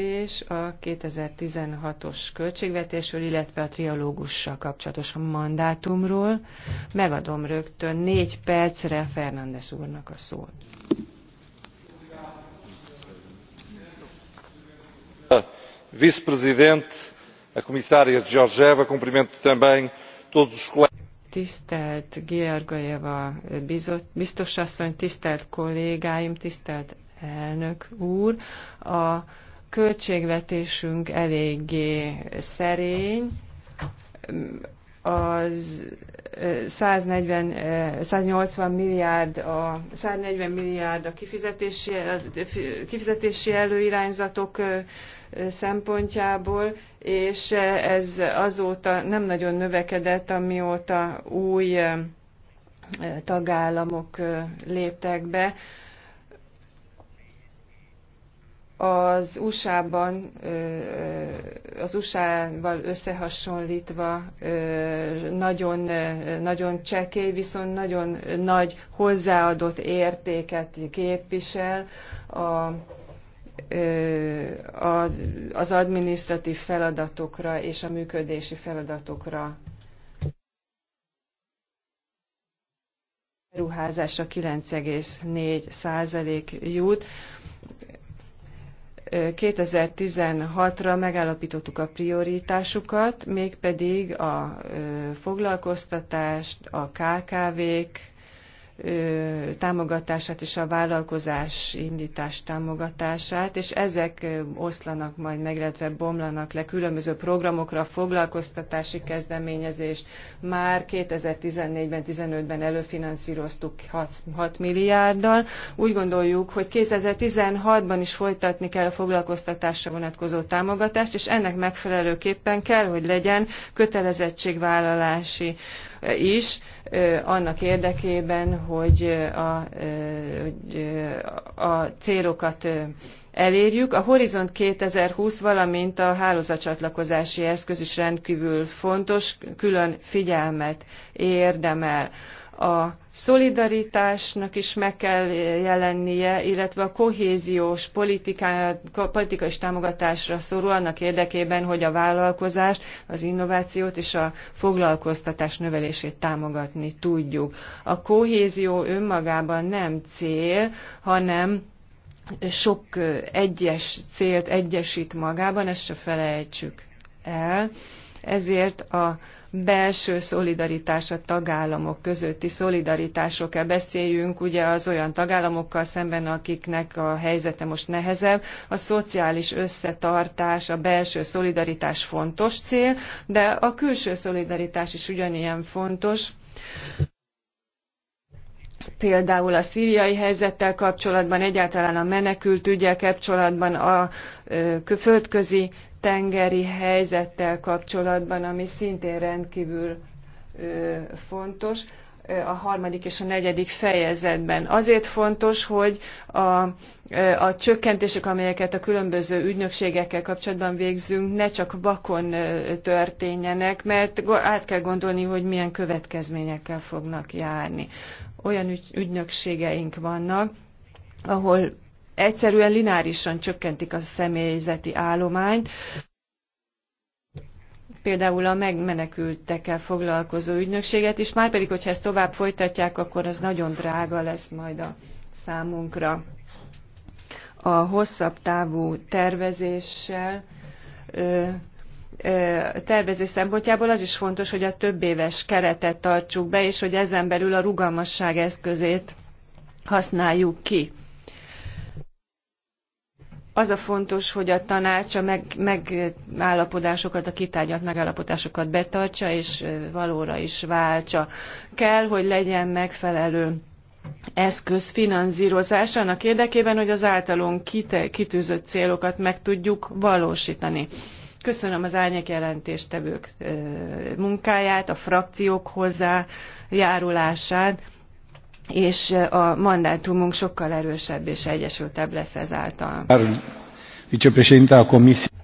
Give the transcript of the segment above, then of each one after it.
és a 2016-os költségvetésről, illetve a trialógussal kapcsolatos mandátumról. Megadom rögtön négy percre Fernandes úrnak a szót. Vice-presidente, a komisária Georgieva, cumprimento também todos os kollégák. Tisztelt Georgieva biztos asszony, tisztelt kollégáim, tisztelt elnök úr. A költségvetésünk eléggé szerény. Az 140, 180 milliárd a, 140 milliárd a kifizetési, a kifizetési előirányzatok szempontjából, és ez azóta nem nagyon növekedett, amióta új tagállamok léptek be az USA-ban, az USA-val összehasonlítva nagyon, nagyon csekély, viszont nagyon nagy hozzáadott értéket képvisel a, az, adminisztratív feladatokra és a működési feladatokra beruházásra 9,4 százalék jut 2016-ra megállapítottuk a prioritásukat, mégpedig a foglalkoztatást, a KKV-k, támogatását és a vállalkozás indítás támogatását, és ezek oszlanak majd meg, illetve bomlanak le különböző programokra, foglalkoztatási kezdeményezést. Már 2014-ben, 15-ben előfinanszíroztuk 6, 6 milliárddal. Úgy gondoljuk, hogy 2016-ban is folytatni kell a foglalkoztatásra vonatkozó támogatást, és ennek megfelelőképpen kell, hogy legyen kötelezettségvállalási is, annak érdekében, hogy a, hogy a célokat elérjük. A Horizont 2020, valamint a hálózatcsatlakozási eszköz is rendkívül fontos, külön figyelmet érdemel a szolidaritásnak is meg kell jelennie, illetve a kohéziós politiká, politikai támogatásra szorul annak érdekében, hogy a vállalkozást, az innovációt és a foglalkoztatás növelését támogatni tudjuk. A kohézió önmagában nem cél, hanem sok egyes célt egyesít magában, ezt se felejtsük el. Ezért a belső szolidaritás, a tagállamok közötti kell beszéljünk, ugye az olyan tagállamokkal szemben, akiknek a helyzete most nehezebb. A szociális összetartás, a belső szolidaritás fontos cél, de a külső szolidaritás is ugyanilyen fontos például a szíriai helyzettel kapcsolatban, egyáltalán a menekült ügyel kapcsolatban, a földközi tengeri helyzettel kapcsolatban, ami szintén rendkívül fontos a harmadik és a negyedik fejezetben. Azért fontos, hogy a, a csökkentések, amelyeket a különböző ügynökségekkel kapcsolatban végzünk, ne csak vakon történjenek, mert át kell gondolni, hogy milyen következményekkel fognak járni. Olyan ügy, ügynökségeink vannak, ahol egyszerűen lineárisan csökkentik a személyzeti állományt. Például a megmenekültekkel foglalkozó ügynökséget is, már pedig, hogyha ezt tovább folytatják, akkor az nagyon drága lesz majd a számunkra. A hosszabb távú tervezéssel tervezés szempontjából az is fontos, hogy a több éves keretet tartsuk be, és hogy ezen belül a rugalmasság eszközét használjuk ki az a fontos, hogy a tanács a meg, megállapodásokat, a kitárgyalt megállapodásokat betartsa és valóra is váltsa. Kell, hogy legyen megfelelő eszköz finanszírozás annak érdekében, hogy az általunk kite, kitűzött célokat meg tudjuk valósítani. Köszönöm az árnyék jelentéstevők munkáját, a frakciók hozzájárulását, és a mandátumunk sokkal erősebb és egyesültebb lesz ezáltal.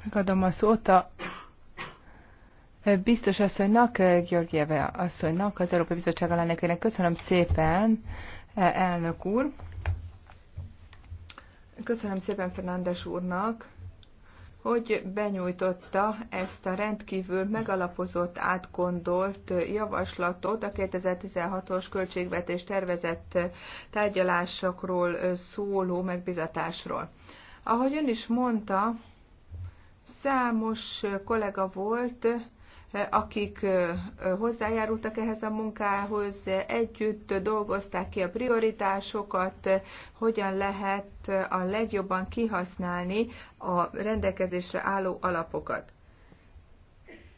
Megadom a szót a biztos asszonynak, Györgyeve asszonynak, az Európai Bizottság alelnökének. Köszönöm szépen, elnök úr. Köszönöm szépen Fernándes úrnak hogy benyújtotta ezt a rendkívül megalapozott, átgondolt javaslatot a 2016-os költségvetés tervezett tárgyalásokról szóló megbizatásról. Ahogy ön is mondta, számos kollega volt, akik hozzájárultak ehhez a munkához, együtt dolgozták ki a prioritásokat, hogyan lehet a legjobban kihasználni a rendelkezésre álló alapokat.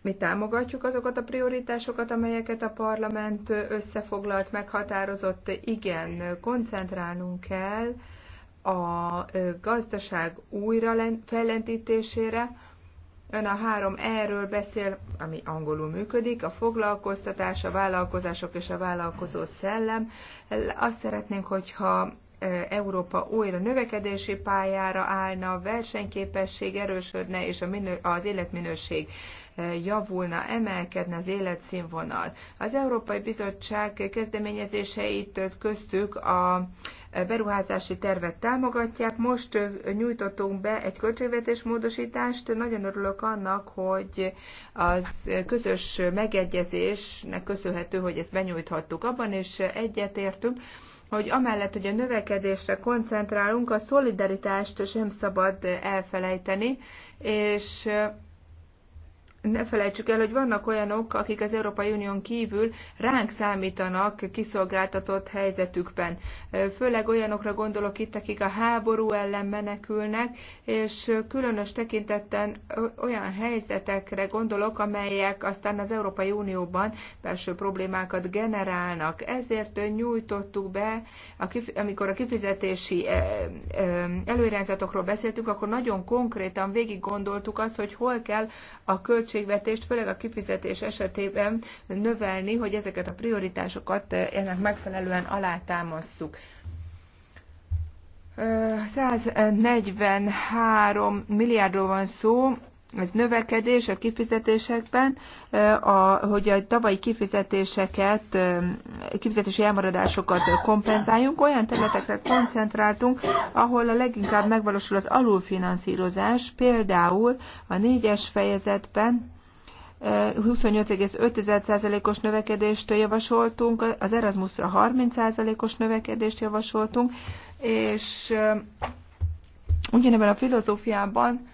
Mi támogatjuk azokat a prioritásokat, amelyeket a parlament összefoglalt, meghatározott. Igen, koncentrálnunk kell a gazdaság újra fellendítésére, Ön a három erről beszél, ami angolul működik, a foglalkoztatás, a vállalkozások és a vállalkozó szellem. Azt szeretnénk, hogyha e, Európa újra növekedési pályára állna, a versenyképesség erősödne, és a minő, az életminőség e, javulna, emelkedne az életszínvonal. Az Európai Bizottság kezdeményezéseit köztük a beruházási tervet támogatják. Most nyújtottunk be egy költségvetés módosítást. Nagyon örülök annak, hogy az közös megegyezésnek köszönhető, hogy ezt benyújthattuk. Abban is egyetértünk, hogy amellett, hogy a növekedésre koncentrálunk, a szolidaritást sem szabad elfelejteni, és ne felejtsük el, hogy vannak olyanok, akik az Európai Unión kívül ránk számítanak kiszolgáltatott helyzetükben. Főleg olyanokra gondolok itt, akik a háború ellen menekülnek, és különös tekintetten olyan helyzetekre gondolok, amelyek aztán az Európai Unióban belső problémákat generálnak. Ezért nyújtottuk be, amikor a kifizetési előirányzatokról beszéltünk, akkor nagyon konkrétan végig gondoltuk azt, hogy hol kell a költség költségvetést, főleg a kifizetés esetében növelni, hogy ezeket a prioritásokat eh, ennek megfelelően alátámasszuk. 143 eh, milliárdról van szó, ez növekedés a kifizetésekben, a, hogy a tavalyi kifizetéseket, kifizetési elmaradásokat kompenzáljunk, olyan területekre koncentráltunk, ahol a leginkább megvalósul az alulfinanszírozás, például a négyes fejezetben, 28,5%-os növekedést javasoltunk, az Erasmusra 30%-os növekedést javasoltunk, és ugyanebben a filozófiában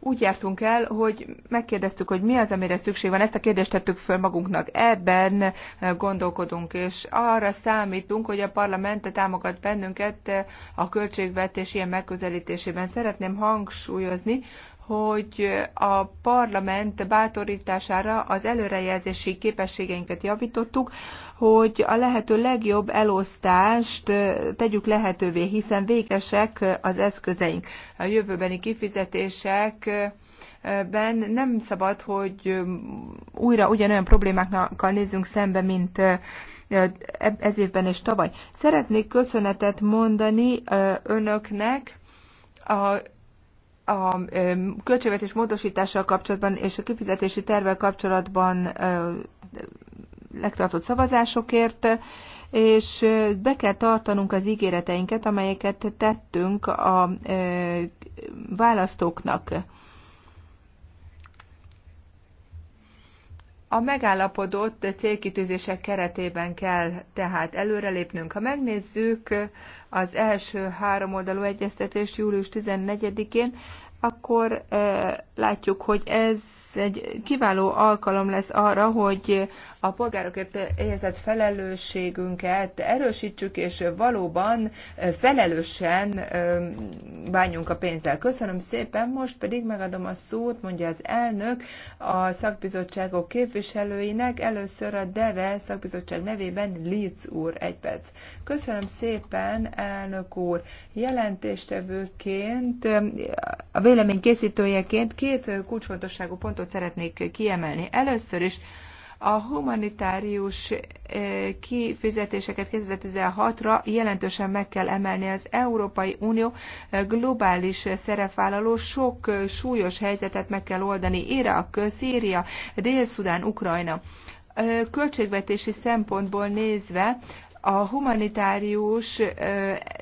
úgy jártunk el, hogy megkérdeztük, hogy mi az, amire szükség van. Ezt a kérdést tettük föl magunknak. Ebben gondolkodunk, és arra számítunk, hogy a parlament támogat bennünket a költségvetés ilyen megközelítésében. Szeretném hangsúlyozni, hogy a parlament bátorítására az előrejelzési képességeinket javítottuk, hogy a lehető legjobb elosztást tegyük lehetővé, hiszen végesek az eszközeink. A jövőbeni kifizetések ben nem szabad, hogy újra ugyanolyan problémákkal nézzünk szembe, mint e, ez évben és tavaly. Szeretnék köszönetet mondani önöknek a a költségvetés módosítással kapcsolatban és a kifizetési tervel kapcsolatban legtartott szavazásokért, és be kell tartanunk az ígéreteinket, amelyeket tettünk a választóknak. A megállapodott célkitűzések keretében kell tehát előrelépnünk. Ha megnézzük az első három oldalú egyeztetést július 14-én, akkor látjuk, hogy ez egy kiváló alkalom lesz arra, hogy a polgárokért érzett felelősségünket erősítsük, és valóban felelősen bánjunk a pénzzel. Köszönöm szépen, most pedig megadom a szót, mondja az elnök a szakbizottságok képviselőinek, először a DEVE szakbizottság nevében Litz úr, egy perc. Köszönöm szépen, elnök úr. Jelentéstevőként, a vélemény készítőjeként két kulcsfontosságú pontot szeretnék kiemelni. Először is a humanitárius eh, kifizetéseket 2016-ra jelentősen meg kell emelni. Az Európai Unió eh, globális szerepvállaló sok eh, súlyos helyzetet meg kell oldani. Irak, Szíria, Dél-Szudán, Ukrajna költségvetési szempontból nézve a humanitárius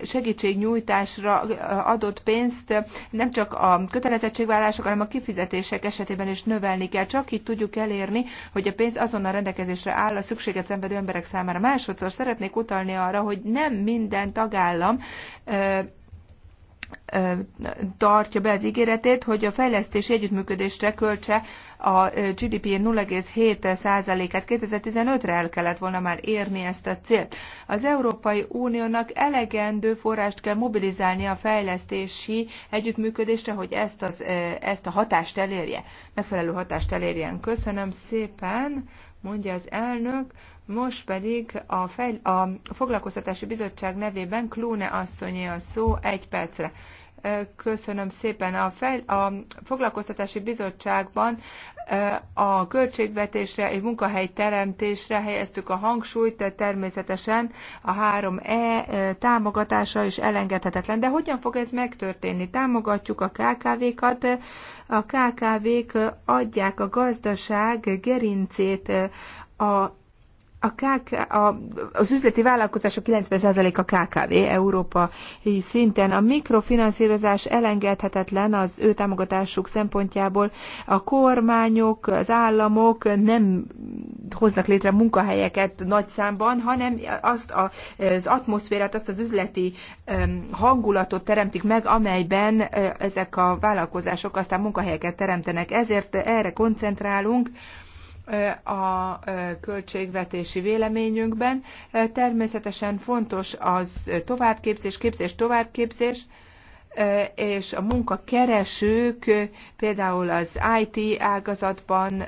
segítségnyújtásra adott pénzt nem csak a kötelezettségvállások, hanem a kifizetések esetében is növelni kell. Csak így tudjuk elérni, hogy a pénz azonnal rendelkezésre áll a szükséget szenvedő emberek számára. Másodszor szeretnék utalni arra, hogy nem minden tagállam tartja be az ígéretét, hogy a fejlesztési együttműködésre költse a GDP 0,7%-át 2015-re el kellett volna már érni ezt a célt. Az Európai Uniónak elegendő forrást kell mobilizálni a fejlesztési együttműködésre, hogy ezt, az, ezt a hatást elérje, megfelelő hatást elérjen. Köszönöm szépen, mondja az elnök. Most pedig a, fejl- a Foglalkoztatási Bizottság nevében Klúne asszonyé a szó egy percre. Köszönöm szépen. A, fejl- a Foglalkoztatási Bizottságban a költségvetésre és teremtésre helyeztük a hangsúlyt, tehát természetesen a 3E támogatása is elengedhetetlen. De hogyan fog ez megtörténni? Támogatjuk a KKV-kat, a KKV-k adják a gazdaság gerincét a a KK, a, az üzleti vállalkozások 90%-a KKV európai szinten. A mikrofinanszírozás elengedhetetlen az ő támogatásuk szempontjából. A kormányok, az államok nem hoznak létre munkahelyeket nagy számban, hanem azt a, az atmoszférát, azt az üzleti hangulatot teremtik meg, amelyben ezek a vállalkozások aztán munkahelyeket teremtenek. Ezért erre koncentrálunk, a költségvetési véleményünkben. Természetesen fontos az továbbképzés, képzés, továbbképzés, és a munkakeresők például az IT ágazatban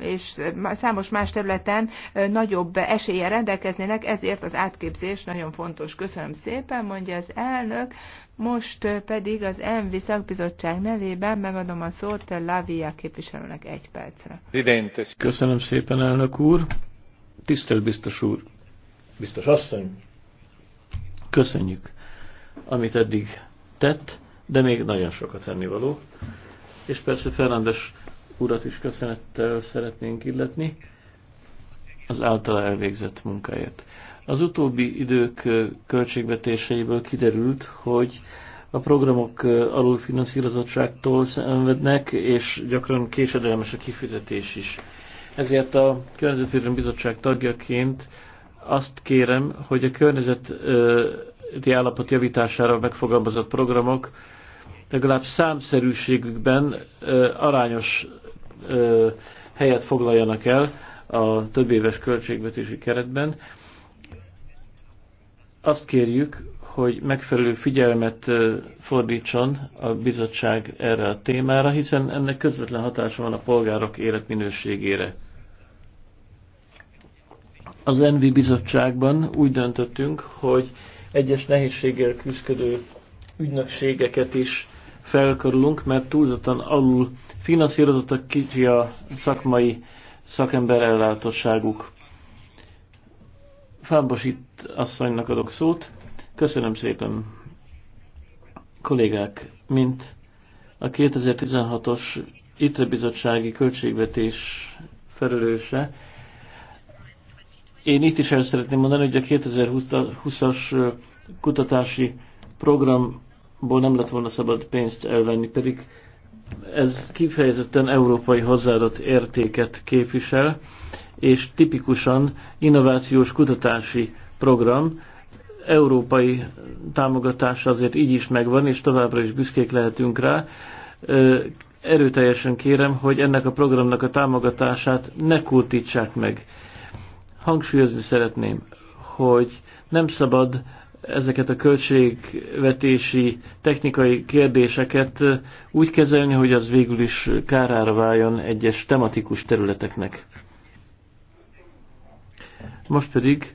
és számos más területen nagyobb eséllyel rendelkeznének, ezért az átképzés nagyon fontos. Köszönöm szépen, mondja az elnök. Most pedig az ENVI szakbizottság nevében megadom a szót Lavia képviselőnek egy percre. Köszönöm szépen, elnök úr. Tisztelt biztos úr, biztos asszony, köszönjük, amit eddig tett, de még nagyon sokat tennivaló. És persze Fernandes urat is köszönettel szeretnénk illetni az általa elvégzett munkáért. Az utóbbi idők költségvetéseiből kiderült, hogy a programok alulfinanszírozottságtól szenvednek, és gyakran késedelmes a kifizetés is. Ezért a Környezetvédelmi Bizottság tagjaként azt kérem, hogy a környezeti állapot javítására megfogalmazott programok legalább számszerűségükben arányos helyet foglaljanak el a több éves költségvetési keretben, azt kérjük, hogy megfelelő figyelmet fordítson a bizottság erre a témára, hiszen ennek közvetlen hatása van a polgárok életminőségére. Az ENVI bizottságban úgy döntöttünk, hogy egyes nehézséggel küzdő ügynökségeket is felkarulunk, mert túlzottan alul finanszírozottak kicsi a szakmai szakember ellátottságuk. Fábosít asszonynak adok szót. Köszönöm szépen, kollégák, mint a 2016-os ITRE bizottsági költségvetés felelőse. Én itt is el szeretném mondani, hogy a 2020-as kutatási programból nem lett volna szabad pénzt elvenni, pedig ez kifejezetten európai hozzáadott értéket képvisel, és tipikusan innovációs kutatási program, európai támogatása azért így is megvan, és továbbra is büszkék lehetünk rá. Erőteljesen kérem, hogy ennek a programnak a támogatását ne kurtítsák meg. Hangsúlyozni szeretném, hogy nem szabad ezeket a költségvetési technikai kérdéseket úgy kezelni, hogy az végül is kárára váljon egyes tematikus területeknek. Most pedig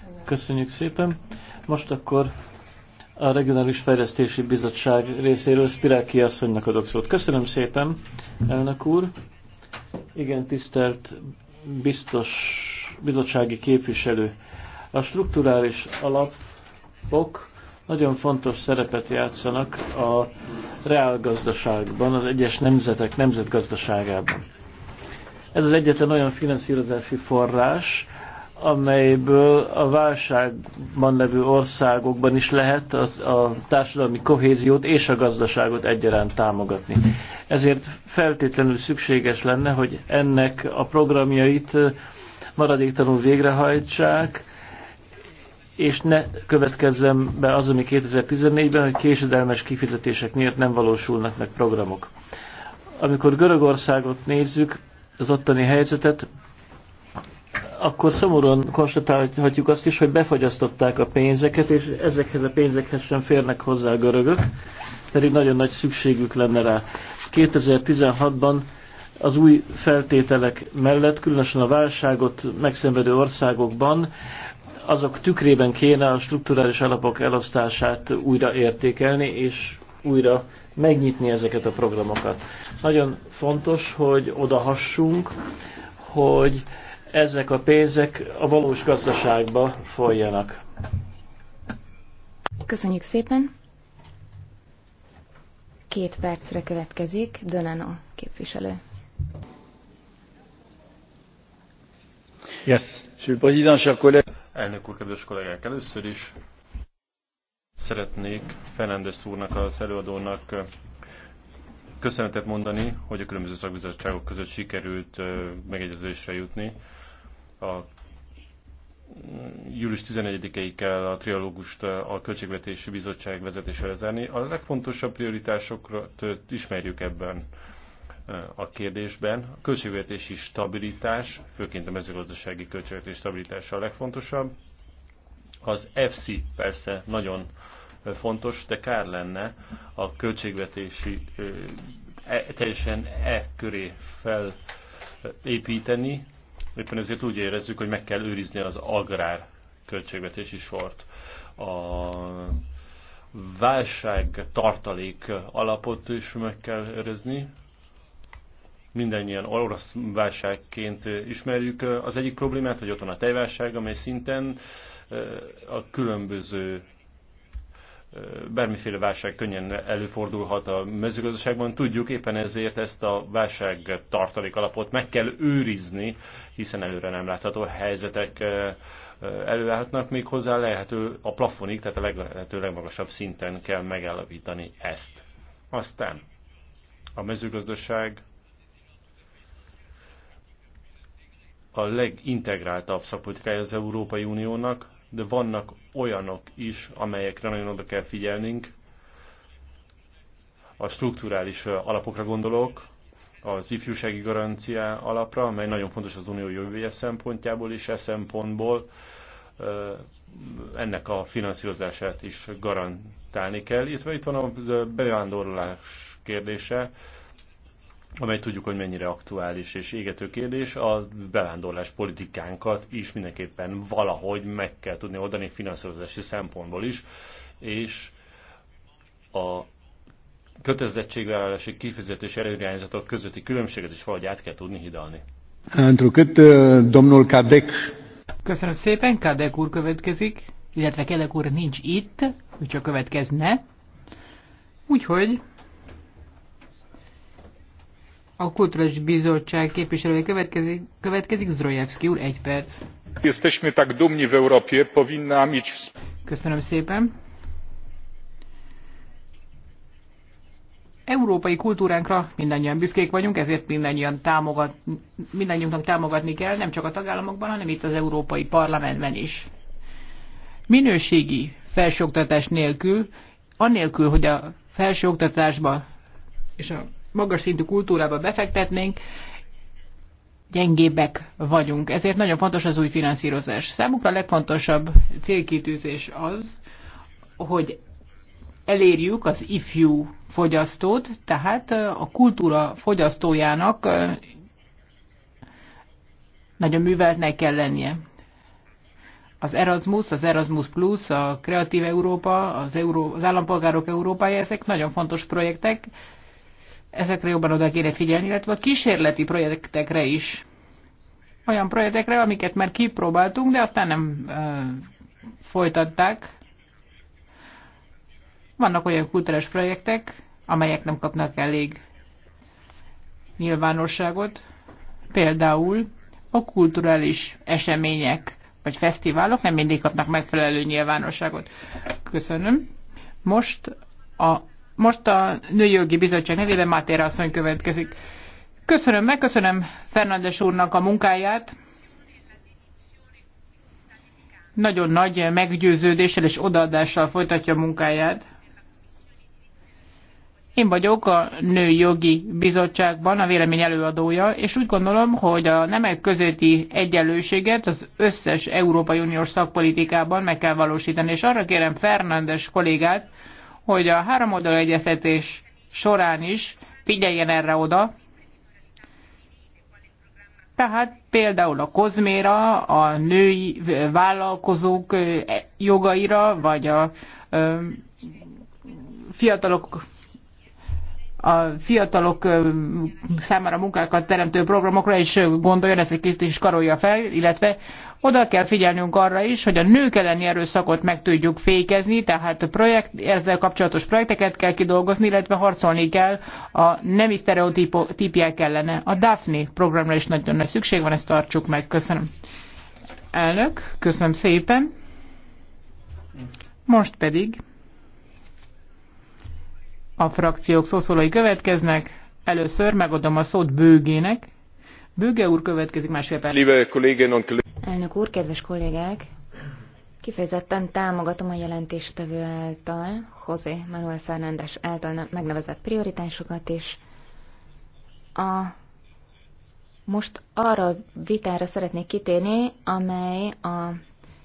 Köszönjük szépen. Most akkor a Regionális Fejlesztési Bizottság részéről Spiráki asszonynak adok szót. Köszönöm szépen, elnök úr. Igen, tisztelt biztos bizottsági képviselő. A strukturális alapok nagyon fontos szerepet játszanak a reálgazdaságban, az egyes nemzetek nemzetgazdaságában. Ez az egyetlen olyan finanszírozási forrás, amelyből a válságban levő országokban is lehet az, a társadalmi kohéziót és a gazdaságot egyaránt támogatni. Ezért feltétlenül szükséges lenne, hogy ennek a programjait maradéktanul végrehajtsák, és ne következzen be az, ami 2014-ben, hogy késedelmes kifizetések miatt nem valósulnak meg programok. Amikor Görögországot nézzük, az ottani helyzetet, akkor szomorúan konstatálhatjuk azt is, hogy befagyasztották a pénzeket, és ezekhez a pénzekhez sem férnek hozzá a görögök, pedig nagyon nagy szükségük lenne rá. 2016-ban az új feltételek mellett, különösen a válságot megszenvedő országokban azok tükrében kéne a strukturális alapok elosztását újra értékelni, és újra megnyitni ezeket a programokat. Nagyon fontos, hogy odahassunk, hogy ezek a pénzek a valós gazdaságba folyjanak. Köszönjük szépen! Két percre következik Dönano képviselő. Yes. Elnök úr, kedves kollégák, először is szeretnék Fernández úrnak, az előadónak köszönetet mondani, hogy a különböző szakbizottságok között sikerült megegyezésre jutni a július 11-ig kell a trialógust a Költségvetési Bizottság vezetésre lezárni. A legfontosabb prioritásokat ismerjük ebben e, a kérdésben. A költségvetési stabilitás, főként a mezőgazdasági költségvetési stabilitása a legfontosabb. Az FC persze nagyon e, fontos, de kár lenne a költségvetési e, teljesen e köré felépíteni, Éppen ezért úgy érezzük, hogy meg kell őrizni az agrár költségvetési sort. A válság tartalék alapot is meg kell őrizni. Mindennyian orosz válságként ismerjük az egyik problémát, hogy ott van a tejválság, amely szinten a különböző bármiféle válság könnyen előfordulhat a mezőgazdaságban. Tudjuk éppen ezért ezt a válság tartalék alapot meg kell őrizni, hiszen előre nem látható helyzetek előállhatnak még hozzá lehető a plafonig, tehát a lehető legmagasabb szinten kell megállapítani ezt. Aztán a mezőgazdaság a legintegráltabb szakpolitikája az Európai Uniónak, de vannak olyanok is, amelyekre nagyon oda kell figyelnünk. A strukturális alapokra gondolok, az ifjúsági garancia alapra, amely nagyon fontos az unió jövője szempontjából és e szempontból ennek a finanszírozását is garantálni kell. itt van a bevándorlás kérdése, amely tudjuk, hogy mennyire aktuális és égető kérdés, a bevándorlás politikánkat is mindenképpen valahogy meg kell tudni oldani finanszírozási szempontból is, és a kötelezettségvállalási kifizetési előirányzatok közötti különbséget is valahogy át kell tudni hidalni. Întrucât domnul Kadek. Köszönöm szépen, Kadek úr következik, illetve Kadek úr nincs itt, úgy csak következne. Úgyhogy a Kulturális Bizottság képviselője következik, következik Zdrojevski úr, egy perc. Jesteśmy tak dumni w Europie, powinna mieć... Köszönöm szépen. európai kultúránkra mindannyian büszkék vagyunk, ezért mindannyian támogat, mindannyiunknak támogatni kell, nem csak a tagállamokban, hanem itt az Európai Parlamentben is. Minőségi felsőoktatás nélkül, anélkül, hogy a felsőoktatásba és a magas szintű kultúrába befektetnénk, gyengébbek vagyunk. Ezért nagyon fontos az új finanszírozás. Számukra a legfontosabb célkitűzés az, hogy elérjük az ifjú fogyasztót, tehát a kultúra fogyasztójának nagyon műveltnek kell lennie. Az Erasmus, az Erasmus Plus, a Kreatív Európa, az, Euró, az Állampolgárok Európája, ezek nagyon fontos projektek, ezekre jobban oda kéne figyelni, illetve a kísérleti projektekre is. Olyan projektekre, amiket már kipróbáltunk, de aztán nem ö, folytatták. Vannak olyan kulturális projektek, amelyek nem kapnak elég nyilvánosságot. Például a kulturális események vagy fesztiválok nem mindig kapnak megfelelő nyilvánosságot. Köszönöm. Most a most a női jogi Bizottság nevében Máté asszony következik. Köszönöm, megköszönöm Fernandes úrnak a munkáját. Nagyon nagy meggyőződéssel és odaadással folytatja a munkáját. Én vagyok a női jogi Bizottságban a vélemény előadója, és úgy gondolom, hogy a nemek közötti egyenlőséget az összes Európai Uniós szakpolitikában meg kell valósítani. És arra kérem Fernandes kollégát, hogy a háromoldalú egyeztetés során is figyeljen erre oda, tehát például a kozméra, a női vállalkozók e, jogaira, vagy a fiatalok a fiatalok számára munkákat teremtő programokra is gondoljon, ezt egy kicsit is karolja fel, illetve oda kell figyelnünk arra is, hogy a nők elleni erőszakot meg tudjuk fékezni, tehát a projekt, ezzel kapcsolatos projekteket kell kidolgozni, illetve harcolni kell a nemi sztereotípiák ellene. A Daphne programra is nagyon nagy szükség van, ezt tartsuk meg. Köszönöm. Elnök, köszönöm szépen. Most pedig a frakciók szószólói következnek. Először megadom a szót bőgének, Bőge úr következik másfél perc. Elnök úr, kedves kollégák! Kifejezetten támogatom a jelentéstevő által, José Manuel Fernández által megnevezett prioritásokat, és a most arra vitára szeretnék kitérni, amely a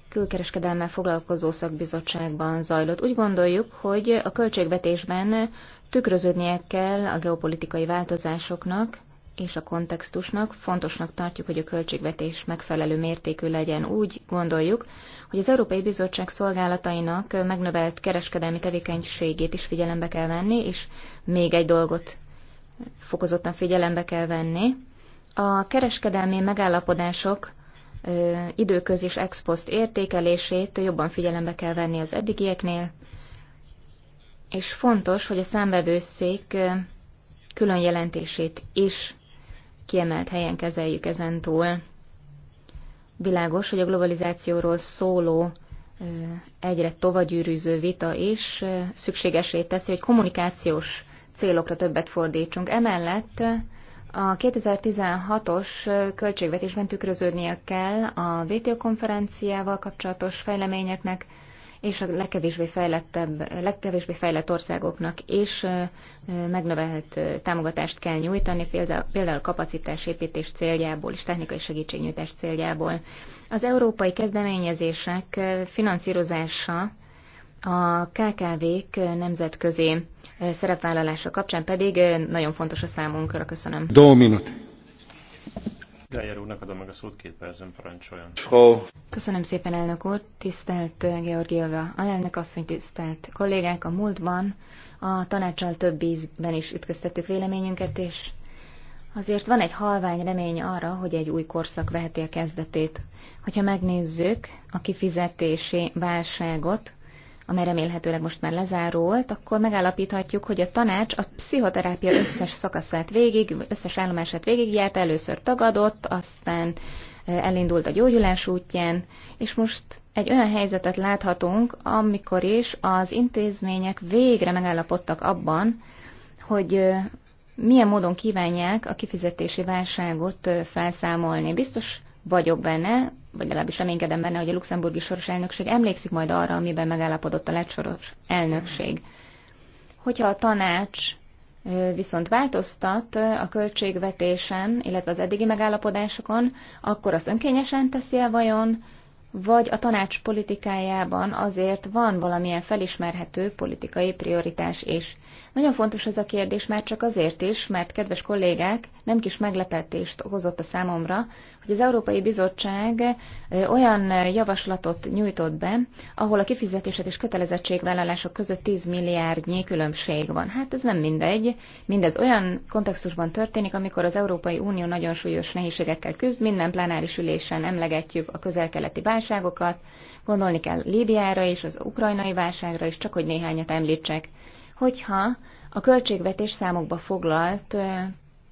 külkereskedelmel foglalkozó szakbizottságban zajlott. Úgy gondoljuk, hogy a költségvetésben tükröződnie kell a geopolitikai változásoknak, és a kontextusnak. Fontosnak tartjuk, hogy a költségvetés megfelelő mértékű legyen. Úgy gondoljuk, hogy az Európai Bizottság szolgálatainak megnövelt kereskedelmi tevékenységét is figyelembe kell venni, és még egy dolgot fokozottan figyelembe kell venni. A kereskedelmi megállapodások időköz és ex post értékelését jobban figyelembe kell venni az eddigieknél, és fontos, hogy a számbevőszék külön jelentését is kiemelt helyen kezeljük ezentúl Világos, hogy a globalizációról szóló egyre tovagyűrűző vita is szükségesé teszi, hogy kommunikációs célokra többet fordítsunk. Emellett a 2016-os költségvetésben tükröződnie kell a WTO konferenciával kapcsolatos fejleményeknek, és a legkevésbé, fejlettebb, legkevésbé fejlett országoknak is megnövelhet támogatást kell nyújtani, például kapacitásépítés céljából és technikai segítségnyújtás céljából. Az európai kezdeményezések finanszírozása a KKV-k nemzetközi szerepvállalása kapcsán pedig nagyon fontos a számunkra. Köszönöm. Gájer úrnak adom meg a szót, két percen parancsoljon. Köszönöm szépen, elnök úr. Tisztelt eh, Georgieva alelnök asszony, tisztelt kollégák, a múltban a tanácsal több ízben is ütköztettük véleményünket, és azért van egy halvány remény arra, hogy egy új korszak veheti a kezdetét. Hogyha megnézzük a kifizetési válságot, amely remélhetőleg most már lezárult, akkor megállapíthatjuk, hogy a tanács a pszichoterápia összes szakaszát végig, összes állomását végigjárt, először tagadott, aztán elindult a gyógyulás útján, és most egy olyan helyzetet láthatunk, amikor is az intézmények végre megállapodtak abban, hogy milyen módon kívánják a kifizetési válságot felszámolni. Biztos vagyok benne, vagy legalábbis reménykedem benne, hogy a luxemburgi soros elnökség emlékszik majd arra, amiben megállapodott a lecsoros elnökség. Hogyha a tanács viszont változtat a költségvetésen, illetve az eddigi megállapodásokon, akkor az önkényesen teszi el vajon, vagy a tanács politikájában azért van valamilyen felismerhető politikai prioritás is. Nagyon fontos ez a kérdés már csak azért is, mert kedves kollégák, nem kis meglepetést okozott a számomra, hogy az Európai Bizottság olyan javaslatot nyújtott be, ahol a kifizetések és kötelezettségvállalások között 10 milliárdnyi különbség van. Hát ez nem mindegy. Mindez olyan kontextusban történik, amikor az Európai Unió nagyon súlyos nehézségekkel küzd, minden plenáris ülésen emlegetjük a közel-keleti válságokat, gondolni kell Líbiára és az ukrajnai válságra is, csak hogy néhányat említsek. Hogyha a költségvetés számokba foglalt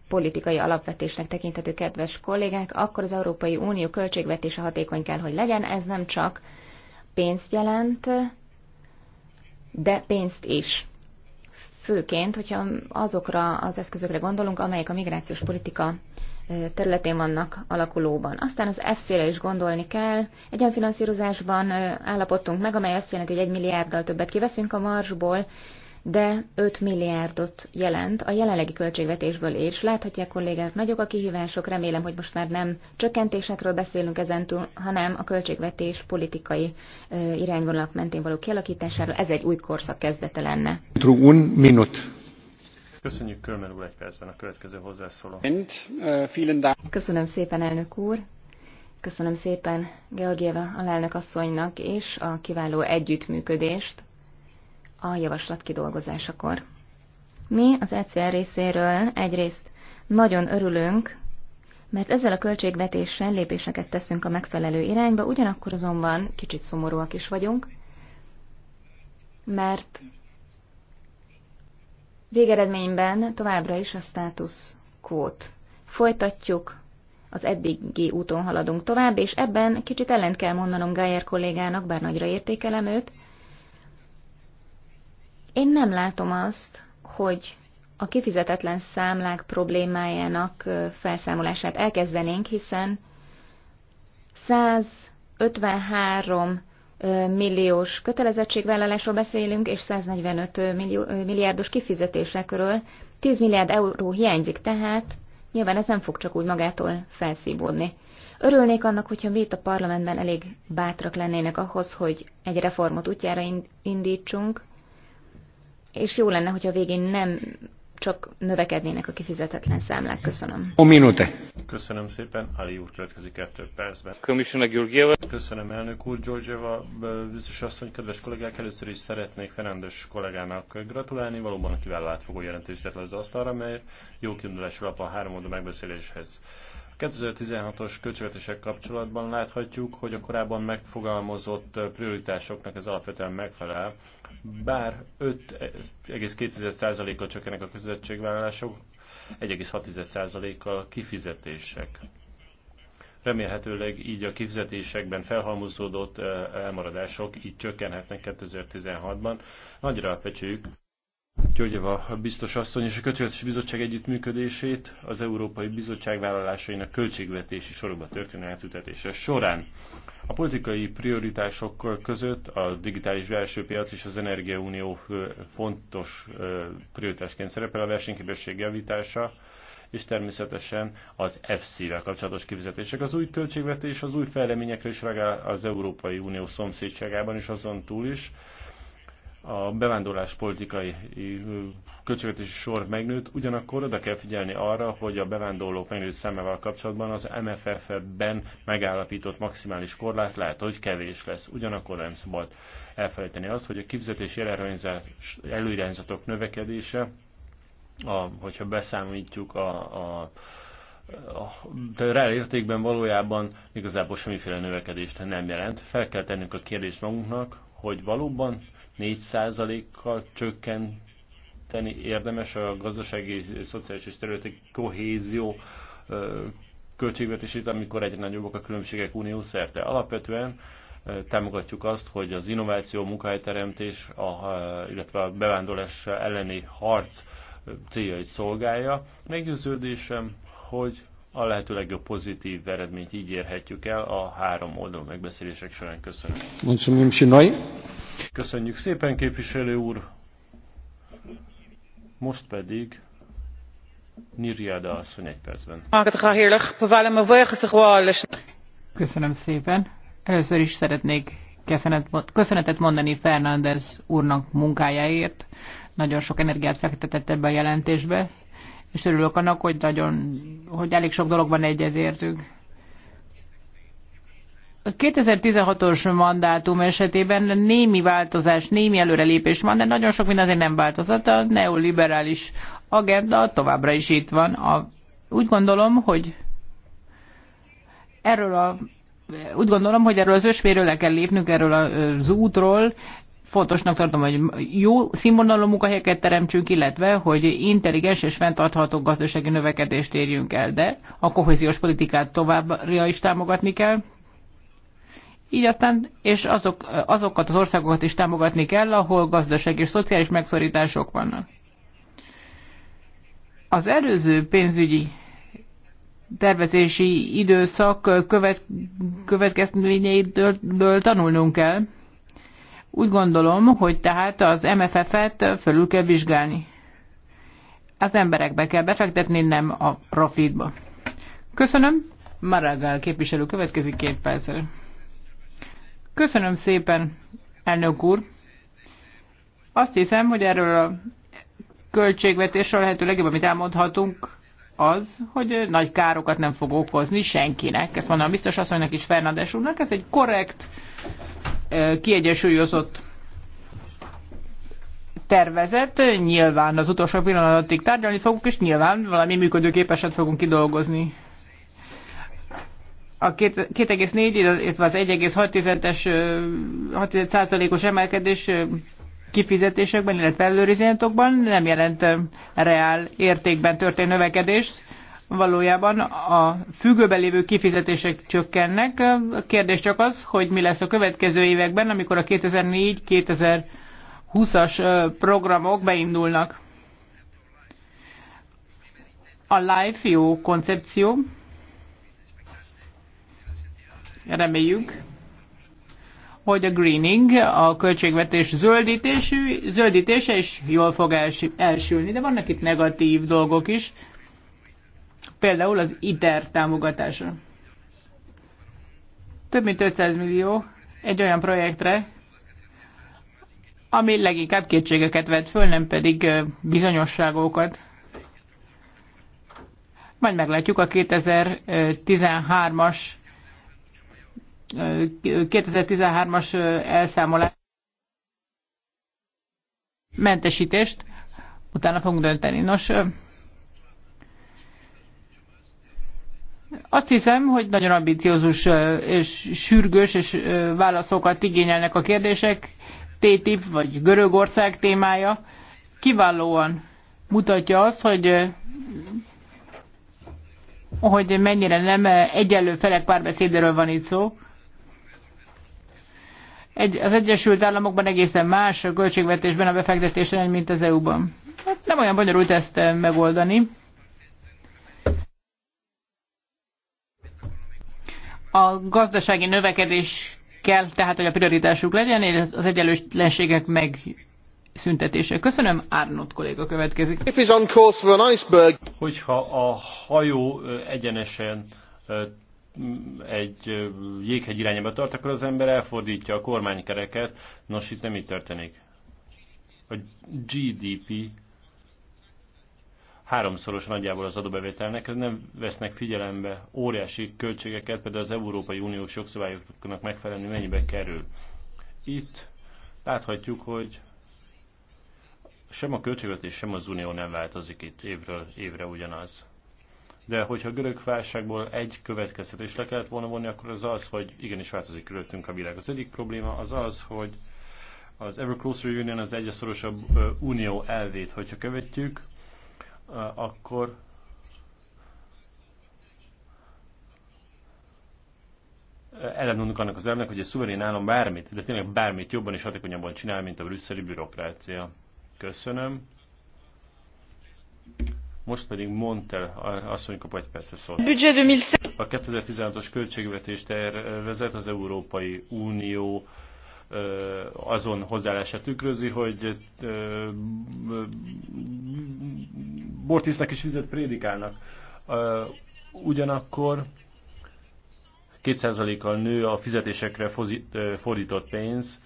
politikai alapvetésnek tekinthető, kedves kollégák, akkor az Európai Unió költségvetése hatékony kell, hogy legyen. Ez nem csak pénzt jelent, de pénzt is. Főként, hogyha azokra az eszközökre gondolunk, amelyek a migrációs politika területén vannak alakulóban. Aztán az FC-re is gondolni kell. Egy olyan finanszírozásban állapodtunk meg, amely azt jelenti, hogy egy milliárddal többet kiveszünk a marsból, de 5 milliárdot jelent a jelenlegi költségvetésből is. Láthatják kollégák, nagyok a kihívások, remélem, hogy most már nem csökkentésekről beszélünk ezentúl, hanem a költségvetés politikai ö, irányvonalak mentén való kialakításáról. Ez egy új korszak kezdete lenne. Un minut. Köszönjük Körmer úr egy percben a következő hozzászóló. Köszönöm szépen, elnök úr. Köszönöm szépen Georgieva alelnök asszonynak és a kiváló együttműködést a javaslat kidolgozásakor. Mi az ECR részéről egyrészt nagyon örülünk, mert ezzel a költségvetéssel lépéseket teszünk a megfelelő irányba, ugyanakkor azonban kicsit szomorúak is vagyunk, mert végeredményben továbbra is a státusz kót folytatjuk, az eddigi úton haladunk tovább, és ebben kicsit ellent kell mondanom Gájer kollégának, bár nagyra értékelem őt, én nem látom azt, hogy a kifizetetlen számlák problémájának felszámolását elkezdenénk, hiszen 153 milliós kötelezettségvállalásról beszélünk, és 145 millió, milliárdos kifizetésekről. 10 milliárd euró hiányzik tehát, nyilván ez nem fog csak úgy magától felszívódni. Örülnék annak, hogyha mi itt a parlamentben elég bátrak lennének ahhoz, hogy egy reformot útjára indítsunk, és jó lenne, hogyha végén nem csak növekednének a kifizetetlen számlák. Köszönöm. A minute. Köszönöm szépen. Ali úr következik kettő percben. Commissioner Gyurgyeva. Köszönöm elnök úr Gyurgyeva. Biztos asszony, kedves kollégák, először is szeretnék Fernándes kollégának gratulálni. Valóban kiváló átfogó jelentést lett le az asztalra, mert jó kiindulás alap a háromoldó megbeszéléshez. 2016-os költségvetések kapcsolatban láthatjuk, hogy a korábban megfogalmazott prioritásoknak ez alapvetően megfelel, bár 5,2%-kal csökkenek a közösségvállalások, 1,6%-kal kifizetések. Remélhetőleg így a kifizetésekben felhalmozódott eh, elmaradások így csökkenhetnek 2016-ban. Nagyra becsüljük Györgyeva biztos asszony és a Költségvetési Bizottság együttműködését az Európai Bizottság vállalásainak költségvetési sorokba történő átültetése során. A politikai prioritások között a digitális belső piac és az energiaunió fontos prioritásként szerepel a versenyképesség javítása, és természetesen az FC-vel kapcsolatos kifizetések. Az új költségvetés az új fejleményekre is reagál az Európai Unió szomszédságában és azon túl is, a bevándorlás politikai költségvetési sor megnőtt, ugyanakkor oda kell figyelni arra, hogy a bevándorlók megnőtt szemmel kapcsolatban az MFF-ben megállapított maximális korlát lehet, hogy kevés lesz. Ugyanakkor nem szabad elfelejteni azt, hogy a kifizetési előirányzatok növekedése, a, hogyha beszámítjuk a, a a reál értékben valójában igazából semmiféle növekedést nem jelent. Fel kell tennünk a kérdést magunknak, hogy valóban 4%-kal csökkenteni érdemes a gazdasági, szociális és területi kohézió költségvetését, amikor egyre nagyobbak a különbségek unió szerte. Alapvetően támogatjuk azt, hogy az innováció, munkahelyteremtés, a, illetve a bevándorlás elleni harc céljait szolgálja. Meggyőződésem, hogy a lehető legjobb pozitív eredményt így érhetjük el a három oldalú megbeszélések során. Köszönöm. Mulțumim Köszönjük szépen, képviselő úr! Most pedig Nirjada asszony egy percben. Köszönöm szépen. Először is szeretnék köszönetet mondani Fernández úrnak munkájáért. Nagyon sok energiát fektetett ebbe a jelentésbe, és örülök annak, hogy, nagyon, hogy elég sok dologban egyezértünk. A 2016-os mandátum esetében némi változás, némi előrelépés van, de nagyon sok minden azért nem változott. A neoliberális agenda továbbra is itt van. A, úgy gondolom, hogy erről a úgy gondolom, hogy erről az ösvéről le kell lépnünk, erről az útról. Fontosnak tartom, hogy jó színvonalú munkahelyeket teremtsünk, illetve, hogy intelligens és fenntartható gazdasági növekedést érjünk el, de a kohéziós politikát továbbra is támogatni kell. Így aztán, és azok, azokat az országokat is támogatni kell, ahol gazdaság és szociális megszorítások vannak. Az előző pénzügyi tervezési időszak követ, következményeitől tanulnunk kell. Úgy gondolom, hogy tehát az MFF-et fölül kell vizsgálni. Az emberekbe kell befektetni, nem a profitba. Köszönöm. Maragall képviselő következik két percre. Köszönöm szépen, elnök úr. Azt hiszem, hogy erről a költségvetésről lehető legjobb, amit elmondhatunk, az, hogy nagy károkat nem fog okozni senkinek. Ezt mondom biztos asszonynak is Fernandes úrnak. Ez egy korrekt, kiegyensúlyozott tervezet. Nyilván az utolsó pillanatig tárgyalni fogunk, és nyilván valami működőképeset fogunk kidolgozni a 2,4, illetve az 1,6 százalékos emelkedés kifizetésekben, illetve előrizetokban nem jelent reál értékben történő növekedést. Valójában a függőben lévő kifizetések csökkennek. A kérdés csak az, hogy mi lesz a következő években, amikor a 2004-2020-as programok beindulnak. A Life jó koncepció, reméljük, hogy a greening, a költségvetés zöldítésű, zöldítése is jól fog elsülni, de vannak itt negatív dolgok is, például az ITER támogatása. Több mint 500 millió egy olyan projektre, ami leginkább kétségeket vet föl, nem pedig bizonyosságokat. Majd meglátjuk a 2013-as 2013-as elszámolás mentesítést, utána fogunk dönteni. Nos, azt hiszem, hogy nagyon ambiciózus és sürgős és válaszokat igényelnek a kérdések. TTIP vagy Görögország témája kiválóan mutatja azt, hogy hogy mennyire nem egyenlő felek párbeszédéről van itt szó. Egy, az Egyesült Államokban egészen más a költségvetésben a befektetésen, mint az EU-ban. Hát nem olyan bonyolult ezt eh, megoldani. A gazdasági növekedés kell, tehát hogy a prioritásuk legyen, és az egyenlőtlenségek meg szüntetése. Köszönöm, Árnott kolléga következik. Hogyha a hajó eh, egyenesen eh, egy jéghegy irányába tart, akkor az ember elfordítja a kormánykereket. Nos, itt nem így történik. A GDP háromszoros nagyjából az adóbevételnek, nem vesznek figyelembe óriási költségeket, például az Európai Uniós jogszabályoknak megfelelni mennyibe kerül. Itt láthatjuk, hogy sem a költségvetés, sem az unió nem változik itt évről évre ugyanaz de hogyha a görög válságból egy következtetés le kellett volna vonni, akkor az az, hogy igenis változik körülöttünk a világ. Az egyik probléma az az, hogy az Ever Closer Union az egyre szorosabb unió elvét, hogyha követjük, akkor ellentmondunk annak az elvnek, hogy egy szuverén állam bármit, de tényleg bármit jobban és hatékonyabban csinál, mint a brüsszeli bürokrácia. Köszönöm. Most pedig Montel asszony kap egy percre szólt. A 2016-os költségvetés tervezet az Európai Unió azon hozzáállását tükrözi, hogy bort isznak és vizet prédikálnak. Ugyanakkor 2%-kal nő a fizetésekre fordított pénz.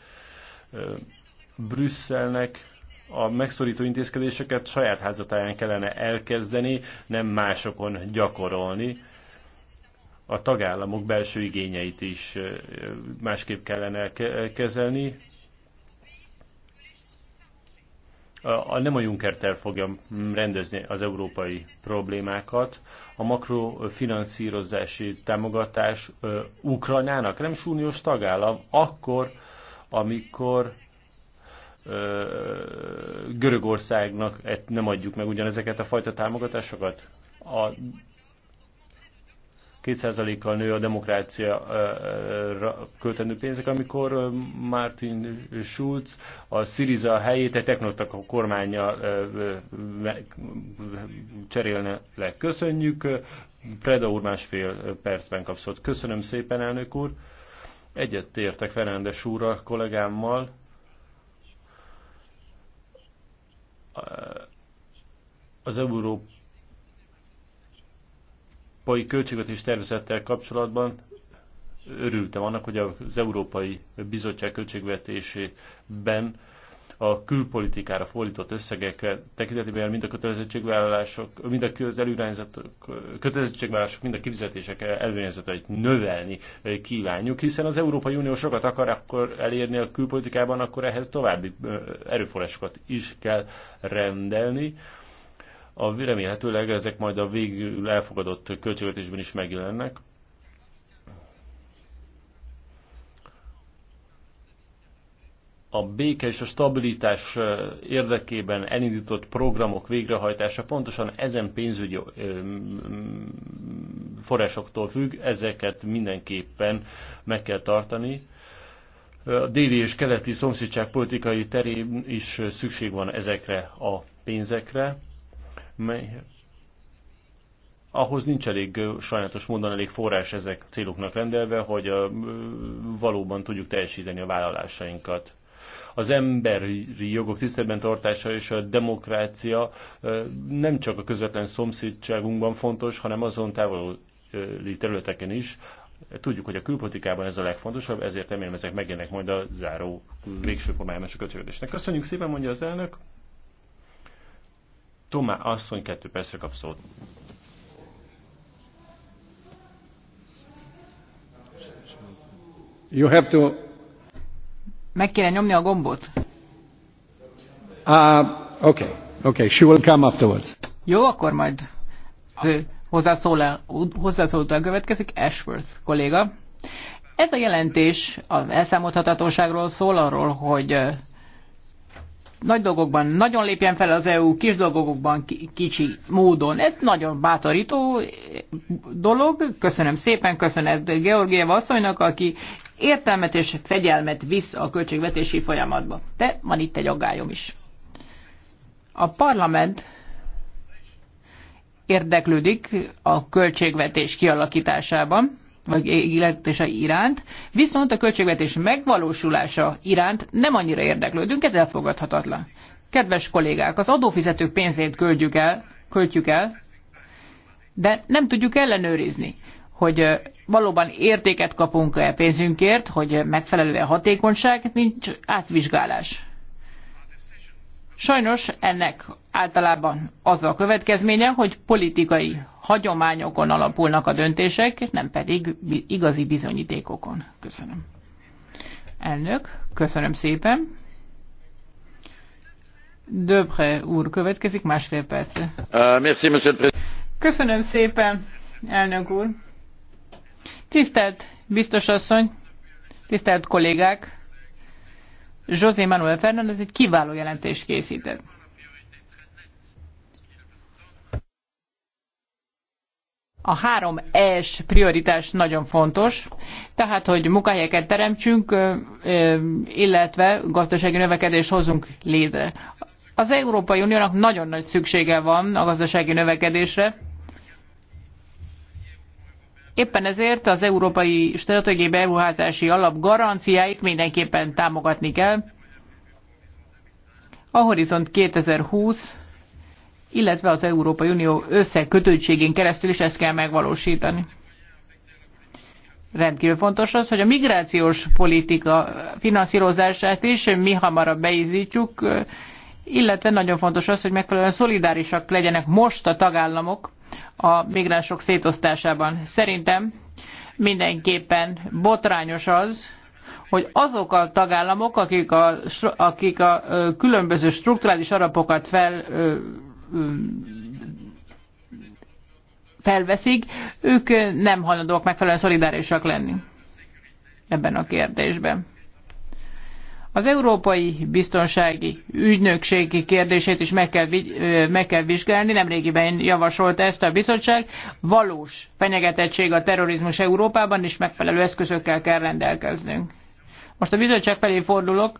Brüsszelnek a megszorító intézkedéseket saját házatáján kellene elkezdeni, nem másokon gyakorolni. A tagállamok belső igényeit is másképp kellene kezelni. A, nem a Juncker terv fogja rendezni az európai problémákat. A makrofinanszírozási támogatás Ukrajnának nem súlyos tagállam, akkor, amikor Görögországnak nem adjuk meg ugyanezeket a fajta támogatásokat? A 2 nő a demokrácia költendő pénzek, amikor Martin Schulz a Syriza helyét egy technotak a kormánya cserélne le. Köszönjük, Preda úr másfél percben kapszott. Köszönöm szépen, elnök úr. Egyet értek Ferendes a kollégámmal, az európai költségvetés tervezettel kapcsolatban örültem annak, hogy az Európai Bizottság költségvetésében a külpolitikára fordított összegek tekintetében mind a kötelezettségvállalások, mind a az előirányzatok, kötelezettségvállalások, mind a kifizetések előirányzatait növelni kívánjuk, hiszen az Európai Unió sokat akar akkor elérni a külpolitikában, akkor ehhez további erőforrásokat is kell rendelni a, remélhetőleg ezek majd a végül elfogadott költségvetésben is megjelennek. a béke és a stabilitás érdekében elindított programok végrehajtása pontosan ezen pénzügyi forrásoktól függ, ezeket mindenképpen meg kell tartani. A déli és keleti szomszédság politikai terén is szükség van ezekre a pénzekre, mely ahhoz nincs elég, sajnálatos módon elég forrás ezek céloknak rendelve, hogy valóban tudjuk teljesíteni a vállalásainkat az emberi jogok tiszteletben tartása és a demokrácia nem csak a közvetlen szomszédságunkban fontos, hanem azon távoli területeken is. Tudjuk, hogy a külpolitikában ez a legfontosabb, ezért remélem ezek megjelennek majd a záró végső formájában a kötődésnek. Köszönjük szépen, mondja az elnök. Tomá asszony kettő percre kap szót. You have to meg kéne nyomni a gombot? Uh, okay, okay, she will come afterwards. Jó, akkor majd az hozzászól, a következik Ashworth kolléga. Ez a jelentés az elszámolhatatóságról szól, arról, hogy nagy dolgokban nagyon lépjen fel az EU, kis dolgokban kicsi módon. Ez nagyon bátorító dolog. Köszönöm szépen, köszönet Georgieva asszonynak, aki értelmet és fegyelmet visz a költségvetési folyamatba. De van itt egy aggályom is. A parlament érdeklődik a költségvetés kialakításában, vagy illetése iránt, viszont a költségvetés megvalósulása iránt nem annyira érdeklődünk, ez elfogadhatatlan. Kedves kollégák, az adófizetők pénzét költjük el, költjük el, de nem tudjuk ellenőrizni hogy valóban értéket kapunk a e pénzünkért, hogy megfelelő a hatékonyság, nincs átvizsgálás. Sajnos ennek általában az a következménye, hogy politikai hagyományokon alapulnak a döntések, nem pedig igazi bizonyítékokon. Köszönöm. Elnök, köszönöm szépen. Döbre úr következik másfél perc. Uh, köszönöm szépen, elnök úr. Tisztelt biztos asszony, tisztelt kollégák, José Manuel Fernández egy kiváló jelentést készített. A három es prioritás nagyon fontos, tehát, hogy munkahelyeket teremtsünk, illetve gazdasági növekedés hozunk létre. Az Európai Uniónak nagyon nagy szüksége van a gazdasági növekedésre, Éppen ezért az Európai Stratégiai Beruházási Alap garanciáit mindenképpen támogatni kell. A Horizont 2020, illetve az Európai Unió összekötődtségén keresztül is ezt kell megvalósítani. Rendkívül fontos az, hogy a migrációs politika finanszírozását is mi hamarabb beizítsuk, illetve nagyon fontos az, hogy megfelelően szolidárisak legyenek most a tagállamok a migránsok szétosztásában. Szerintem mindenképpen botrányos az, hogy azok a tagállamok, akik a, akik a különböző strukturális arapokat fel, felveszik, ők nem hajlandóak megfelelően szolidárisak lenni ebben a kérdésben. Az Európai Biztonsági Ügynökségi kérdését is meg kell, meg kell vizsgálni, nemrégiben javasolta ezt a bizottság. Valós fenyegetettség a terrorizmus Európában, és megfelelő eszközökkel kell rendelkeznünk. Most a bizottság felé fordulok.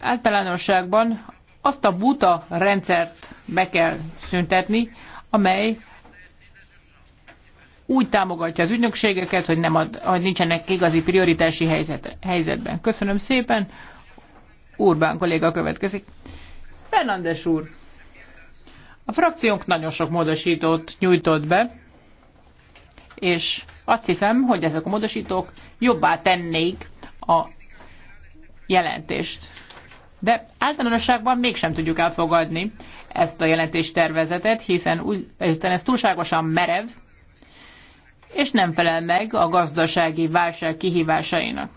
Általánosságban azt a buta rendszert be kell szüntetni, amely úgy támogatja az ügynökségeket, hogy, nem ad, hogy nincsenek igazi prioritási helyzet, helyzetben. Köszönöm szépen. Urbán kolléga következik. Fernandes úr, a frakciónk nagyon sok módosítót nyújtott be, és azt hiszem, hogy ezek a módosítók jobbá tennék a jelentést. De általánosságban mégsem tudjuk elfogadni ezt a jelentéstervezetet, hiszen, úgy, hiszen ez túlságosan merev, és nem felel meg a gazdasági válság kihívásainak.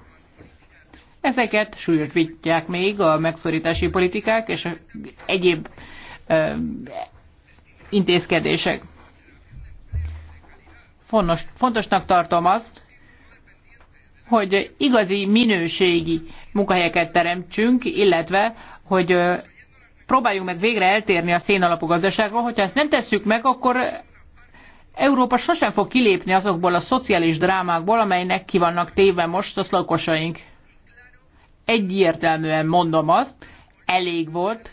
Ezeket súlyosbítják még a megszorítási politikák és egyéb ö, intézkedések. Fontos, fontosnak tartom azt, hogy igazi minőségi munkahelyeket teremtsünk, illetve, hogy próbáljunk meg végre eltérni a szénalapú gazdaságról. Hogyha ezt nem tesszük meg, akkor Európa sosem fog kilépni azokból a szociális drámákból, amelynek ki vannak téve most a lakosaink. Egyértelműen mondom azt, elég volt,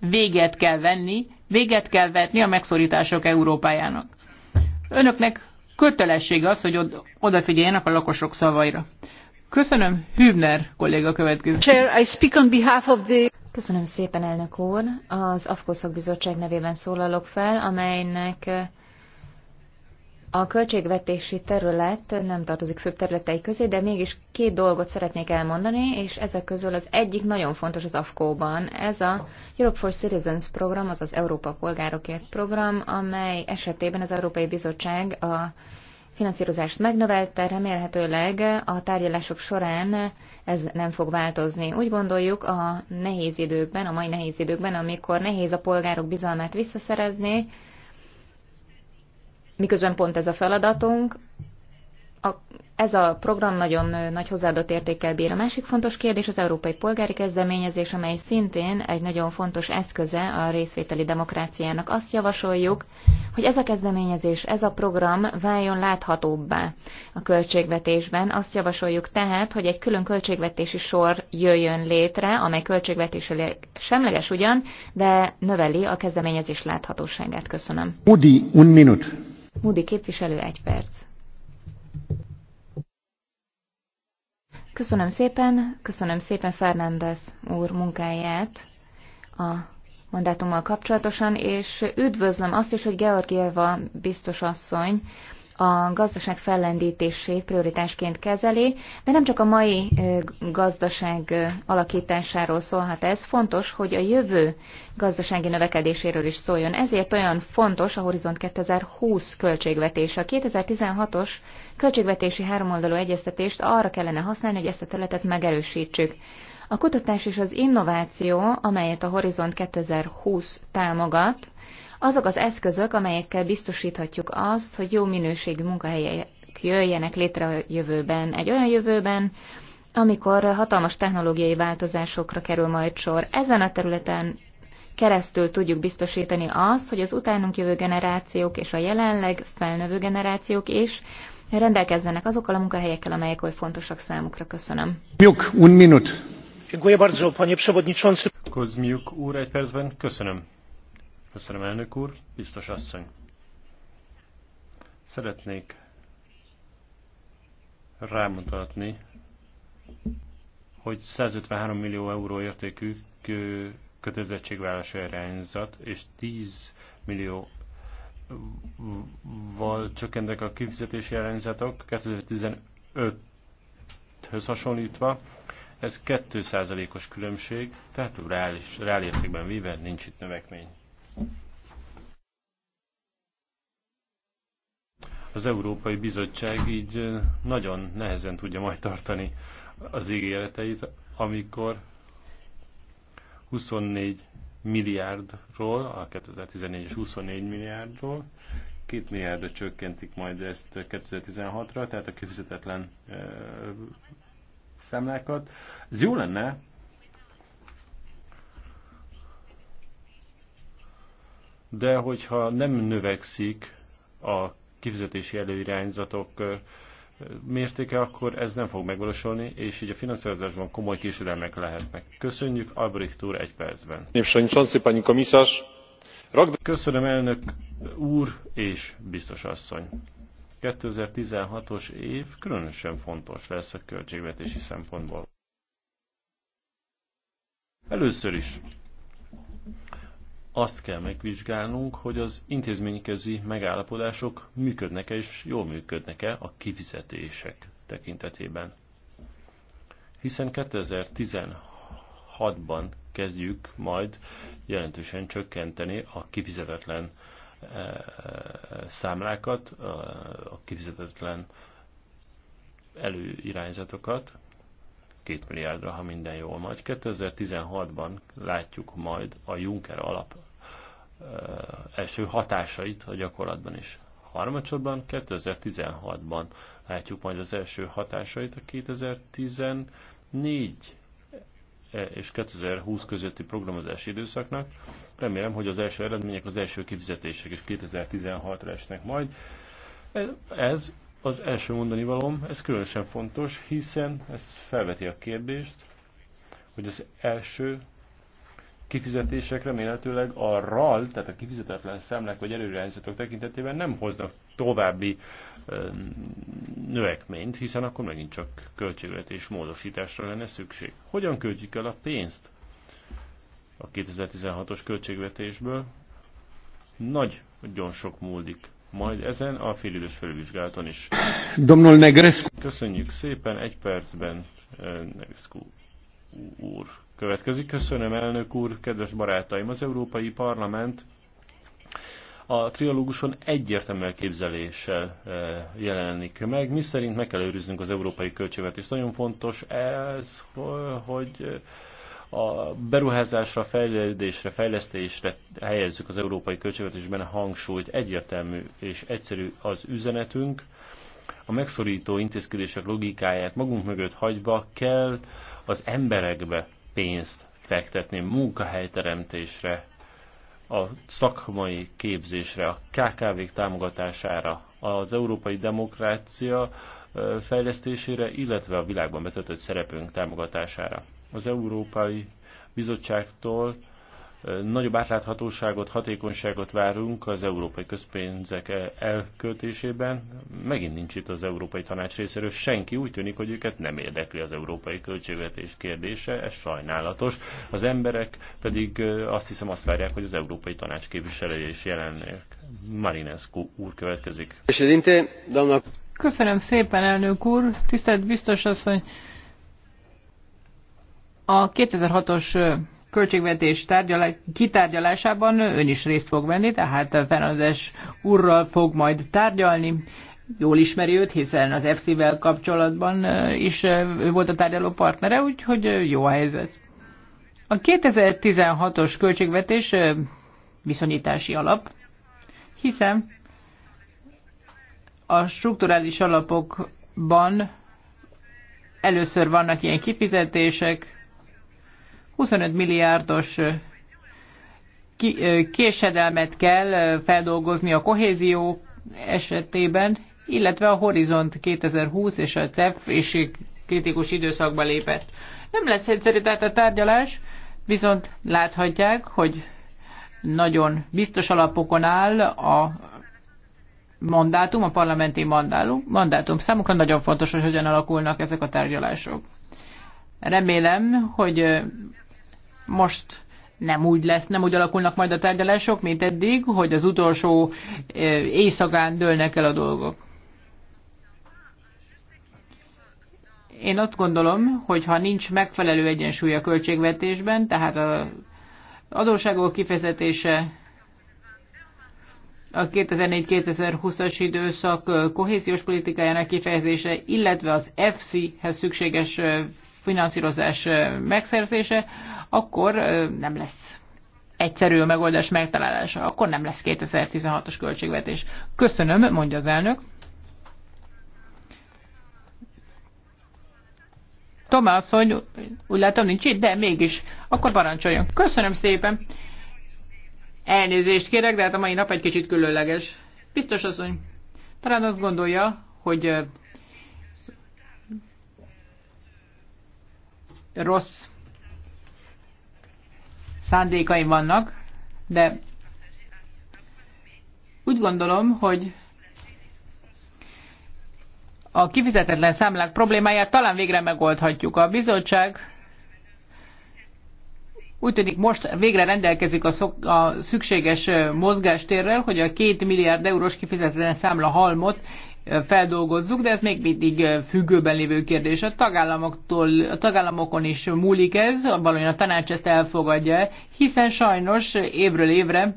véget kell venni, véget kell vetni a megszorítások Európájának. Önöknek kötelessége az, hogy odafigyeljenek a lakosok szavaira. Köszönöm, Hübner kolléga következő. Chair, I speak on behalf of the... Köszönöm szépen, elnök úr. Az AFKO szakbizottság nevében szólalok fel, amelynek a költségvetési terület nem tartozik főbb területei közé, de mégis két dolgot szeretnék elmondani, és ezek közül az egyik nagyon fontos az AFKO-ban. Ez a Europe for Citizens program, azaz Európa Polgárokért program, amely esetében az Európai Bizottság a finanszírozást megnövelte, remélhetőleg a tárgyalások során ez nem fog változni. Úgy gondoljuk a nehéz időkben, a mai nehéz időkben, amikor nehéz a polgárok bizalmát visszaszerezni, miközben pont ez a feladatunk, a, ez a program nagyon nagy hozzáadott értékkel bír. A másik fontos kérdés az európai polgári kezdeményezés, amely szintén egy nagyon fontos eszköze a részvételi demokráciának. Azt javasoljuk, hogy ez a kezdeményezés, ez a program váljon láthatóbbá a költségvetésben. Azt javasoljuk tehát, hogy egy külön költségvetési sor jöjjön létre, amely költségvetésileg semleges ugyan, de növeli a kezdeményezés láthatóságát. Köszönöm. Udi, un minut. Moody képviselő, egy perc. Köszönöm szépen, köszönöm szépen Fernández úr munkáját a mandátummal kapcsolatosan, és üdvözlöm azt is, hogy Georgieva biztos asszony a gazdaság fellendítését prioritásként kezeli, de nem csak a mai gazdaság alakításáról szólhat ez, fontos, hogy a jövő gazdasági növekedéséről is szóljon. Ezért olyan fontos a Horizont 2020 költségvetése. A 2016-os költségvetési háromoldalú egyeztetést arra kellene használni, hogy ezt a területet megerősítsük. A kutatás és az innováció, amelyet a Horizont 2020 támogat, azok az eszközök, amelyekkel biztosíthatjuk azt, hogy jó minőségű munkahelyek jöjjenek létre a jövőben. Egy olyan jövőben, amikor hatalmas technológiai változásokra kerül majd sor. Ezen a területen keresztül tudjuk biztosítani azt, hogy az utánunk jövő generációk és a jelenleg felnövő generációk is rendelkezzenek azokkal a munkahelyekkel, amelyek oly fontosak számukra. Köszönöm. Miuk, un minut. Dziękuję bardzo, panie przewodniczący. Kozmiuk úr, egy percben. Köszönöm. Köszönöm, elnök úr. Biztos asszony. Szeretnék rámutatni, hogy 153 millió euró értékű kötelezettségvállási irányzat és 10 millió val csökkentek a kifizetési irányzatok 2015-höz hasonlítva. Ez 2%-os különbség, tehát reális, reál értékben véve nincs itt növekmény. az Európai Bizottság így nagyon nehezen tudja majd tartani az ígéreteit, amikor 24 milliárdról, a 2014 és 24 milliárdról, két milliárdra csökkentik majd ezt 2016-ra, tehát a kifizetetlen számlákat. Ez jó lenne, de hogyha nem növekszik a kifizetési előirányzatok mértéke, akkor ez nem fog megvalósulni, és így a finanszírozásban komoly késedelmek lehetnek. Köszönjük, Albrecht úr egy percben. Köszönöm elnök úr és biztos asszony. 2016-os év különösen fontos lesz a költségvetési szempontból. Először is azt kell megvizsgálnunk, hogy az intézményközi megállapodások működnek-e és jól működnek-e a kifizetések tekintetében. Hiszen 2016-ban kezdjük majd jelentősen csökkenteni a kifizetetlen eh, számlákat, eh, a kifizetetlen előirányzatokat, 2 milliárdra, ha minden jól majd. 2016-ban látjuk majd a Juncker alap első hatásait a gyakorlatban is. Harmadsorban 2016-ban látjuk majd az első hatásait a 2014 és 2020 közötti programozási időszaknak. Remélem, hogy az első eredmények, az első kifizetések is 2016-ra esnek majd. Ez az első mondani valom, ez különösen fontos, hiszen ez felveti a kérdést, hogy az első kifizetések remélhetőleg a RAL, tehát a kifizetetlen számlák vagy előrejelzetek tekintetében nem hoznak további ö, növekményt, hiszen akkor megint csak költségvetés módosításra lenne szükség. Hogyan költjük el a pénzt a 2016-os költségvetésből? Nagy, nagyon sok múlik majd ezen a félidős felvizsgálaton is. Domnul Negrescu. Köszönjük szépen, egy percben eh, Negrescu úr következik. Köszönöm, elnök úr, kedves barátaim, az Európai Parlament a trialóguson egyértelmű elképzeléssel eh, jelenik meg, mi szerint meg kell őriznünk az európai költségvetést. Nagyon fontos ez, hogy eh, a beruházásra, fejlődésre, fejlesztésre helyezzük az európai költségvetésben a hangsúlyt, egyértelmű és egyszerű az üzenetünk. A megszorító intézkedések logikáját magunk mögött hagyva kell az emberekbe pénzt fektetni, munkahelyteremtésre, a szakmai képzésre, a KKV-k támogatására, az európai demokrácia fejlesztésére, illetve a világban betöltött szerepünk támogatására az Európai Bizottságtól nagyobb átláthatóságot, hatékonyságot várunk az európai közpénzek e- elköltésében. Megint nincs itt az Európai Tanács részéről senki, úgy tűnik, hogy őket nem érdekli az európai költségvetés kérdése, ez sajnálatos. Az emberek pedig azt hiszem azt várják, hogy az Európai Tanács képviselője is jelennek. Marinescu úr következik. Köszönöm szépen, elnök úr. Tisztelt biztos asszony, hogy a 2006-os költségvetés tárgyalá- kitárgyalásában ön is részt fog venni, tehát Fernandes úrral fog majd tárgyalni. Jól ismeri őt, hiszen az FC-vel kapcsolatban is ő volt a tárgyaló partnere, úgyhogy jó a helyzet. A 2016-os költségvetés viszonyítási alap, hiszen a strukturális alapokban először vannak ilyen kifizetések, 25 milliárdos késedelmet kell feldolgozni a kohézió esetében, illetve a Horizont 2020 és a CEF is kritikus időszakba lépett. Nem lesz egyszerű tehát a tárgyalás, viszont láthatják, hogy nagyon biztos alapokon áll a mandátum, a parlamenti mandátum. mandátum. Számukra nagyon fontos, hogy hogyan alakulnak ezek a tárgyalások. Remélem, hogy most nem úgy lesz, nem úgy alakulnak majd a tárgyalások, mint eddig, hogy az utolsó éjszakán dőlnek el a dolgok. Én azt gondolom, hogy ha nincs megfelelő egyensúly a költségvetésben, tehát a adósságok kifezetése a 2004-2020-as időszak kohéziós politikájának kifejezése, illetve az FC-hez szükséges finanszírozás megszerzése, akkor nem lesz egyszerű a megoldás megtalálása, akkor nem lesz 2016-os költségvetés. Köszönöm, mondja az elnök. Tomás, hogy úgy látom nincs itt, de mégis, akkor parancsoljon. Köszönöm szépen. Elnézést kérek, de hát a mai nap egy kicsit különleges. Biztos asszony, talán azt gondolja, hogy rossz szándékaim vannak, de úgy gondolom, hogy a kifizetetlen számlák problémáját talán végre megoldhatjuk. A bizottság úgy tűnik most végre rendelkezik a, szok, a szükséges mozgástérrel, hogy a két milliárd eurós kifizetetlen számla halmot feldolgozzuk, de ez még mindig függőben lévő kérdés. A, tagállamoktól, a tagállamokon is múlik ez, valójában a tanács ezt elfogadja, hiszen sajnos évről évre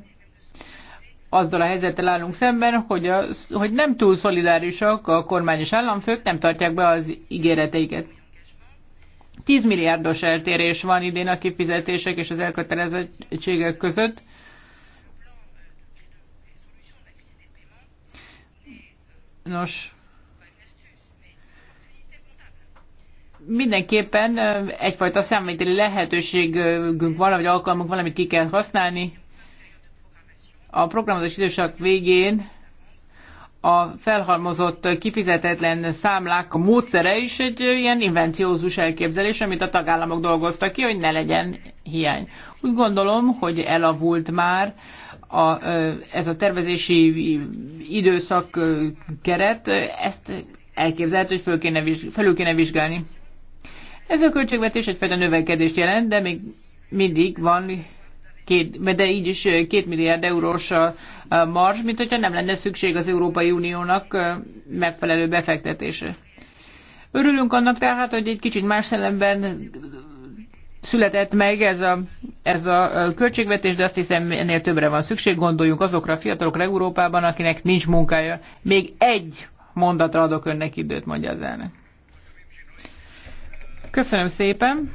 azzal a helyzettel állunk szemben, hogy, a, hogy nem túl szolidárisak a kormány és államfők, nem tartják be az ígéreteiket. 10 milliárdos eltérés van idén a kifizetések és az elkötelezettségek között. Nos, mindenképpen egyfajta számítani lehetőségünk van, vagy alkalmunk valamit ki kell használni. A programozás időszak végén a felhalmozott kifizetetlen számlák a módszere is egy ilyen invenciózus elképzelés, amit a tagállamok dolgoztak ki, hogy ne legyen hiány. Úgy gondolom, hogy elavult már a, ez a tervezési időszak keret, ezt elképzelhető, hogy föl kéne, felül kéne vizsgálni. Ez a költségvetés egyfajta növekedést jelent, de még mindig van két, de így is két milliárd eurós a marzs, mint hogyha nem lenne szükség az Európai Uniónak megfelelő befektetése. Örülünk annak tehát, hogy egy kicsit más szellemben született meg ez a, ez a költségvetés, de azt hiszem ennél többre van szükség. Gondoljunk azokra a fiatalokra Európában, akinek nincs munkája. Még egy mondatra adok önnek időt, mondja az elnök. Köszönöm szépen.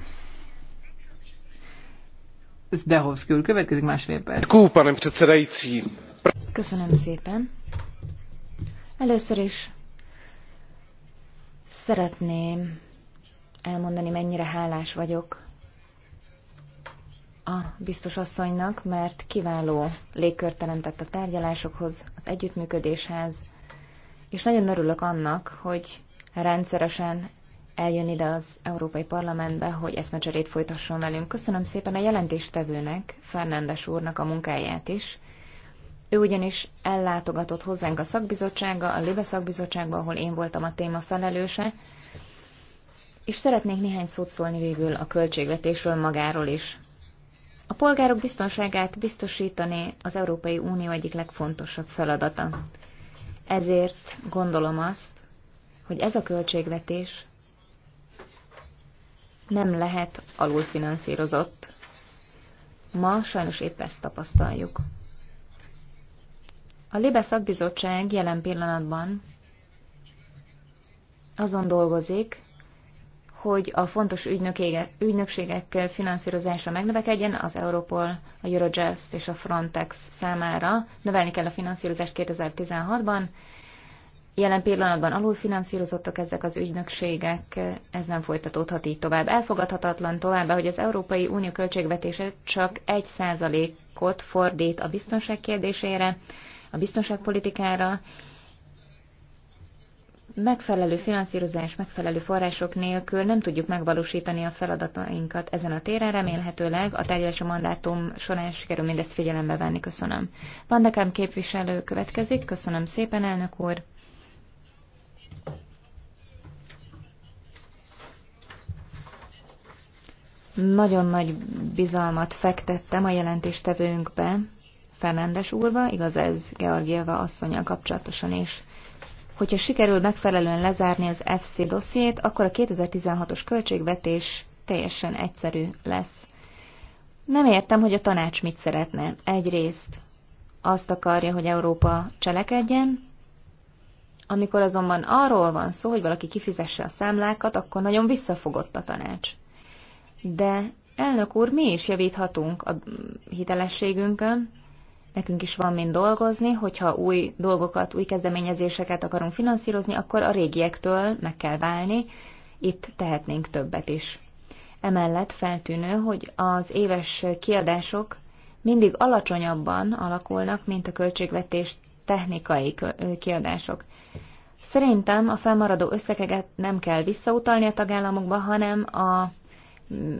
Zdehovszki úr, következik másfél perc. Köszönöm szépen. Először is szeretném elmondani, mennyire hálás vagyok a biztos asszonynak, mert kiváló légkört teremtett a tárgyalásokhoz, az együttműködéshez, és nagyon örülök annak, hogy rendszeresen eljön ide az Európai Parlamentbe, hogy eszmecserét folytasson velünk. Köszönöm szépen a jelentéstevőnek, Fernándes úrnak a munkáját is. Ő ugyanis ellátogatott hozzánk a szakbizottsága, a Libe szakbizottságba, ahol én voltam a téma felelőse, és szeretnék néhány szót szólni végül a költségvetésről magáról is. A polgárok biztonságát biztosítani az Európai Unió egyik legfontosabb feladata. Ezért gondolom azt, hogy ez a költségvetés nem lehet alulfinanszírozott. Ma sajnos épp ezt tapasztaljuk. A Libe szakbizottság jelen pillanatban azon dolgozik, hogy a fontos ügynökségek finanszírozása megnövekedjen az Europol, a Eurojust és a Frontex számára. Növelni kell a finanszírozást 2016-ban. Jelen pillanatban alulfinanszírozottak ezek az ügynökségek, ez nem folytatódhat így tovább. Elfogadhatatlan továbbá, hogy az Európai Unió költségvetése csak 1%-ot fordít a biztonság kérdésére, a biztonságpolitikára, megfelelő finanszírozás, megfelelő források nélkül nem tudjuk megvalósítani a feladatainkat ezen a téren. Remélhetőleg a tárgyalási mandátum során sikerül mindezt figyelembe venni. Köszönöm. Vandekám képviselő következik. Köszönöm szépen, elnök úr. Nagyon nagy bizalmat fektettem a jelentéstevőnkbe, Fernándes úrba, igaz ez Georgieva asszonyal kapcsolatosan is hogyha sikerül megfelelően lezárni az FC dossziét, akkor a 2016-os költségvetés teljesen egyszerű lesz. Nem értem, hogy a tanács mit szeretne. Egyrészt azt akarja, hogy Európa cselekedjen, amikor azonban arról van szó, hogy valaki kifizesse a számlákat, akkor nagyon visszafogott a tanács. De elnök úr, mi is javíthatunk a hitelességünkön, nekünk is van mind dolgozni, hogyha új dolgokat, új kezdeményezéseket akarunk finanszírozni, akkor a régiektől meg kell válni, itt tehetnénk többet is. Emellett feltűnő, hogy az éves kiadások mindig alacsonyabban alakulnak, mint a költségvetés technikai kiadások. Szerintem a felmaradó összegeket nem kell visszautalni a tagállamokba, hanem a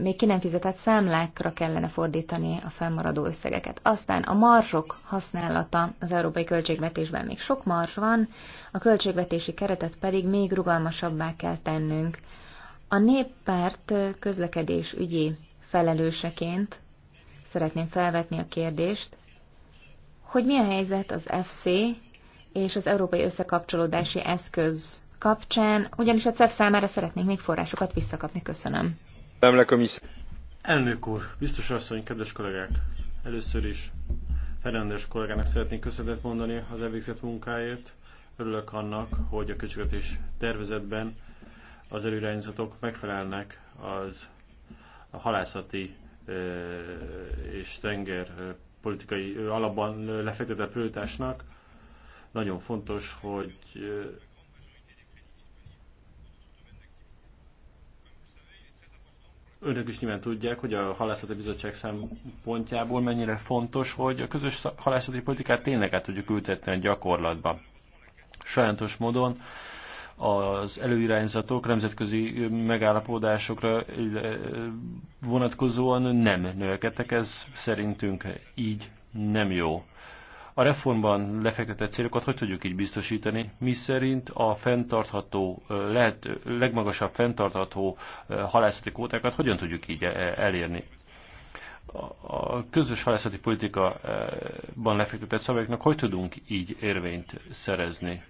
még ki nem fizetett számlákra kellene fordítani a fennmaradó összegeket. Aztán a marsok használata az európai költségvetésben még sok mars van, a költségvetési keretet pedig még rugalmasabbá kell tennünk. A néppárt közlekedés ügyi felelőseként szeretném felvetni a kérdést, hogy mi a helyzet az FC és az Európai Összekapcsolódási Eszköz kapcsán, ugyanis a CEF számára szeretnék még forrásokat visszakapni. Köszönöm. Elnök úr, biztos asszony, kedves kollégák! Először is Fernandes kollégának szeretnék köszönetet mondani az elvégzett munkáért. Örülök annak, hogy a költségvetés tervezetben az előirányzatok megfelelnek az a halászati és tenger politikai alapban lefektetett prioritásnak. Nagyon fontos, hogy Önök is nyilván tudják, hogy a halászati bizottság szempontjából mennyire fontos, hogy a közös halászati politikát tényleg át tudjuk ültetni a gyakorlatba. Sajátos módon az előirányzatok nemzetközi megállapodásokra vonatkozóan nem növekedtek, ez szerintünk így nem jó. A reformban lefektetett célokat hogy tudjuk így biztosítani? Mi szerint a fenntartható, lehet, legmagasabb fenntartható halászati kvótákat hogyan tudjuk így elérni? a közös halászati politikaban lefektetett szabályoknak hogy tudunk így érvényt szerezni?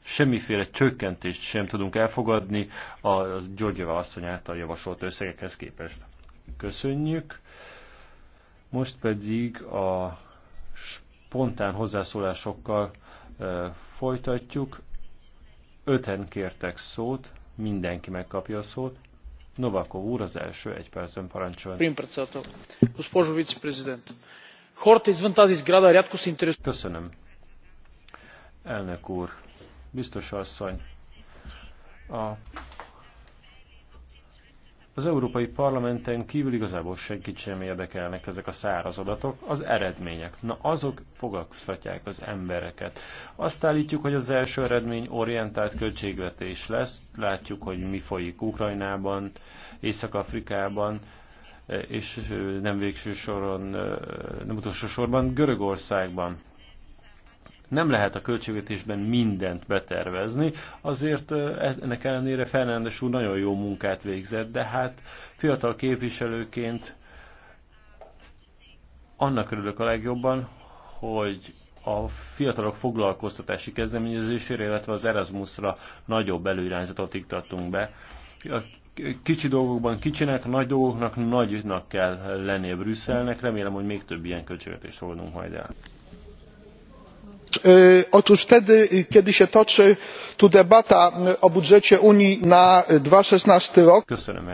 Semmiféle csökkentést sem tudunk elfogadni a Györgyeva asszony által javasolt összegekhez képest. Köszönjük. Most pedig a spontán hozzászólásokkal folytatjuk. Öten kértek szót, mindenki megkapja a szót. Novakov úr az első egy percben parancsol. Köszönöm. Elnök úr, biztos asszony, a az Európai Parlamenten kívül igazából senkit sem érdekelnek ezek a száraz adatok, az eredmények. Na azok foglalkoztatják az embereket. Azt állítjuk, hogy az első eredmény orientált költségvetés lesz. Látjuk, hogy mi folyik Ukrajnában, Észak-Afrikában, és nem végső soron, nem utolsó sorban Görögországban. Nem lehet a költségvetésben mindent betervezni, azért ennek ellenére Fernándes úr nagyon jó munkát végzett, de hát fiatal képviselőként annak örülök a legjobban, hogy a fiatalok foglalkoztatási kezdeményezésére, illetve az Erasmusra nagyobb előirányzatot iktattunk be. A kicsi dolgokban kicsinek, nagy dolgoknak nagynak kell lennie Brüsszelnek. Remélem, hogy még több ilyen költségvetést holdunk majd el. E, otóż wtedy e, kiedy się toczy tu debata e, o budżecie unii na dwa tysiące szesnaście rok two thousand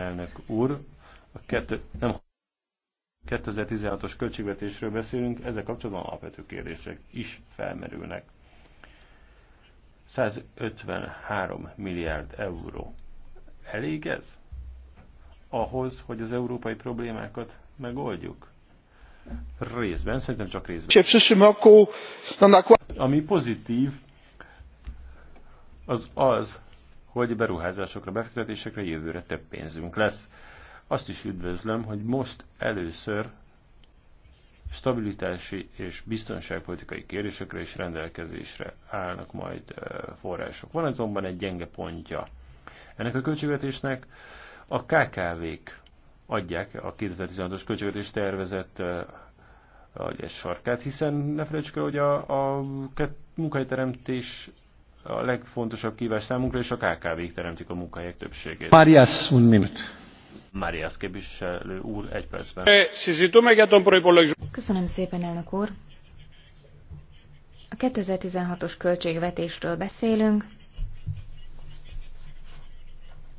and sixteen os költségvetésről beszélünk ezzel kapcsolatban alapvető kérdések is felmerülnek. 153 milliárd euró. Elég ez? Ahhoz, hogy az európai problémákat megoldjuk? Részben, szerintem csak részben. Ami pozitív, az az, hogy beruházásokra, befektetésekre jövőre több pénzünk lesz. Azt is üdvözlöm, hogy most először stabilitási és biztonságpolitikai kérdésekre és rendelkezésre állnak majd források. Van azonban egy gyenge pontja. Ennek a költségvetésnek a KKV-k adják a 2016-os költségvetés tervezett eh, egy sarkát, hiszen ne felejtsük el, hogy a, a munkahelyteremtés a legfontosabb kívás számunkra, és a KKV-k teremtik a munkahelyek többségét. Marias, un minut. Marias képviselő úr, egy percben. Eh, Köszönöm szépen, elnök úr. A 2016-os költségvetésről beszélünk,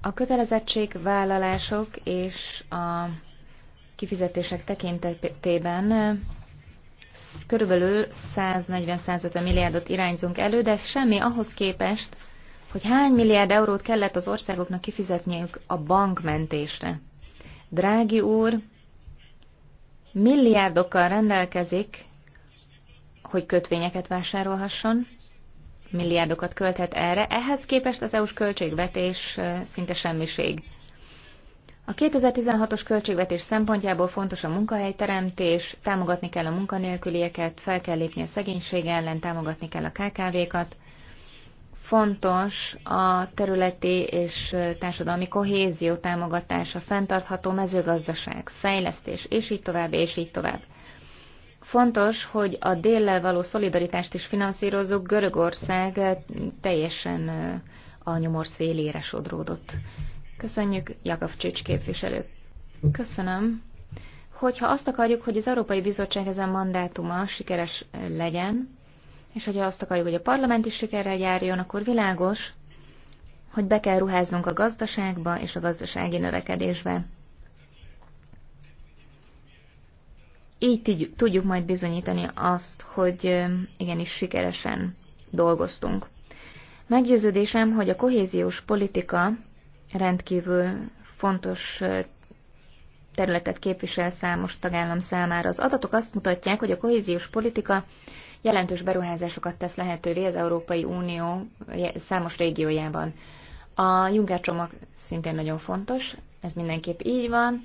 a kötelezettségvállalások és a kifizetések tekintetében körülbelül 140-150 milliárdot irányzunk elő, de semmi ahhoz képest, hogy hány milliárd eurót kellett az országoknak kifizetniük a bankmentésre. Drági úr, milliárdokkal rendelkezik, hogy kötvényeket vásárolhasson, milliárdokat költhet erre, ehhez képest az EU-s költségvetés szinte semmiség. A 2016-os költségvetés szempontjából fontos a munkahelyteremtés, támogatni kell a munkanélkülieket, fel kell lépni a szegénység ellen, támogatni kell a KKV-kat. Fontos a területi és társadalmi kohézió támogatása, fenntartható mezőgazdaság, fejlesztés, és így tovább, és így tovább. Fontos, hogy a déllel való szolidaritást is finanszírozzuk. Görögország eh, teljesen eh, a nyomor szélére sodródott. Köszönjük, Jakov Csics képviselő. Köszönöm. Hogyha azt akarjuk, hogy az Európai Bizottság ezen mandátuma sikeres eh, legyen, és hogyha azt akarjuk, hogy a parlament is sikerrel járjon, akkor világos, hogy be kell ruháznunk a gazdaságba és a gazdasági növekedésbe. így tudjuk majd bizonyítani azt, hogy igenis sikeresen dolgoztunk. Meggyőződésem, hogy a kohéziós politika rendkívül fontos területet képvisel számos tagállam számára. Az adatok azt mutatják, hogy a kohéziós politika jelentős beruházásokat tesz lehetővé az Európai Unió számos régiójában. A Juncker csomag szintén nagyon fontos, ez mindenképp így van.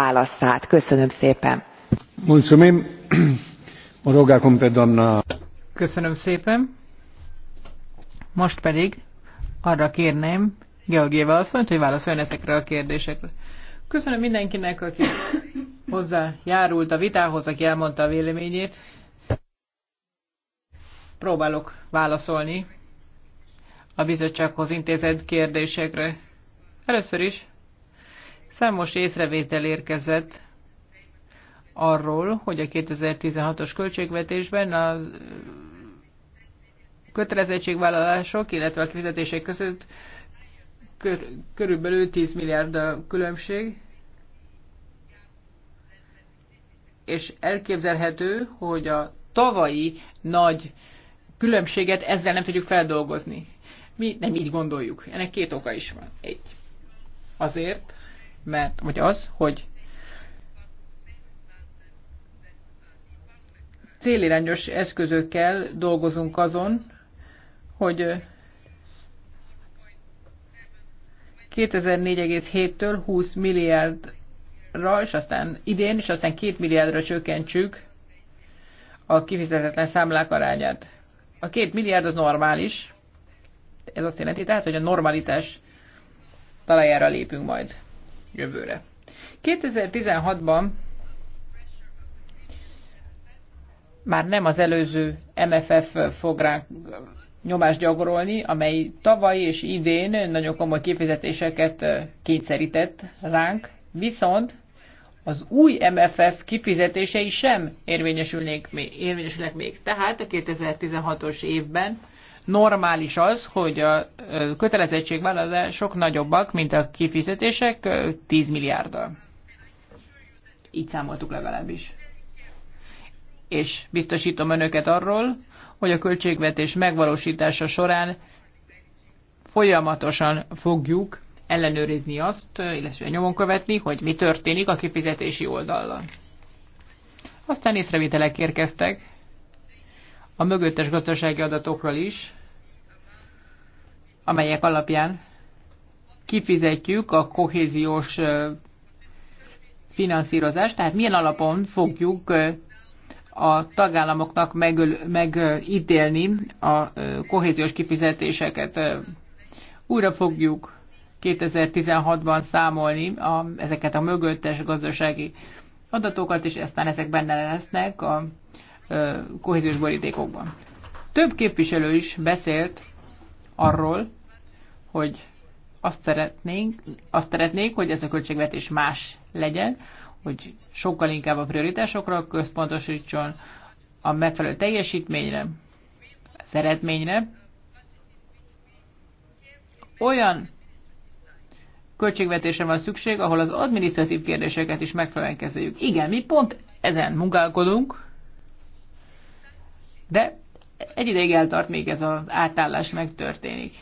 válaszát. köszönöm szépen. Köszönöm szépen. Most pedig arra kérném Georgieva asszonyt, hogy válaszoljon ezekre a kérdésekre. Köszönöm mindenkinek, aki hozzájárult a vitához, aki elmondta a véleményét. Próbálok válaszolni a bizottsághoz intézett kérdésekre. Először is Számos észrevétel érkezett arról, hogy a 2016-os költségvetésben a kötelezettségvállalások, illetve a kifizetések között kör, körülbelül 10 milliárd a különbség, és elképzelhető, hogy a tavalyi nagy különbséget ezzel nem tudjuk feldolgozni. Mi nem így gondoljuk. Ennek két oka is van. Egy. Azért, mert, vagy az, hogy célirányos eszközökkel dolgozunk azon, hogy 2004,7-től 20 milliárdra, és aztán idén, és aztán 2 milliárdra csökkentsük a kifizetetlen számlák arányát. A 2 milliárd az normális, ez azt jelenti tehát, hogy a normalitás talajára lépünk majd jövőre. 2016-ban már nem az előző MFF fog ránk nyomást gyakorolni, amely tavaly és idén nagyon komoly kifizetéseket kényszerített ránk, viszont az új MFF kifizetései sem érvényesülnek még. Érvényesülnek még. Tehát a 2016-os évben normális az, hogy a kötelezettségvállalások nagyobbak, mint a kifizetések 10 milliárddal. Így számoltuk legalábbis. És biztosítom önöket arról, hogy a költségvetés megvalósítása során folyamatosan fogjuk ellenőrizni azt, illetve nyomon követni, hogy mi történik a kifizetési oldallal. Aztán észrevételek érkeztek a mögöttes gazdasági adatokról is, amelyek alapján kifizetjük a kohéziós finanszírozást, tehát milyen alapon fogjuk a tagállamoknak megítélni a kohéziós kifizetéseket. Újra fogjuk 2016-ban számolni a, ezeket a mögöttes gazdasági adatokat, és aztán ezek benne lesznek a, kohéziós borítékokban. Több képviselő is beszélt arról, hogy azt szeretnénk, azt szeretnék, hogy ez a költségvetés más legyen, hogy sokkal inkább a prioritásokra központosítson, a megfelelő teljesítményre, az eredményre. Olyan költségvetésre van szükség, ahol az adminisztratív kérdéseket is megfelelően kezeljük. Igen, mi pont ezen munkálkodunk, de egy ideig eltart, még ez az átállás megtörténik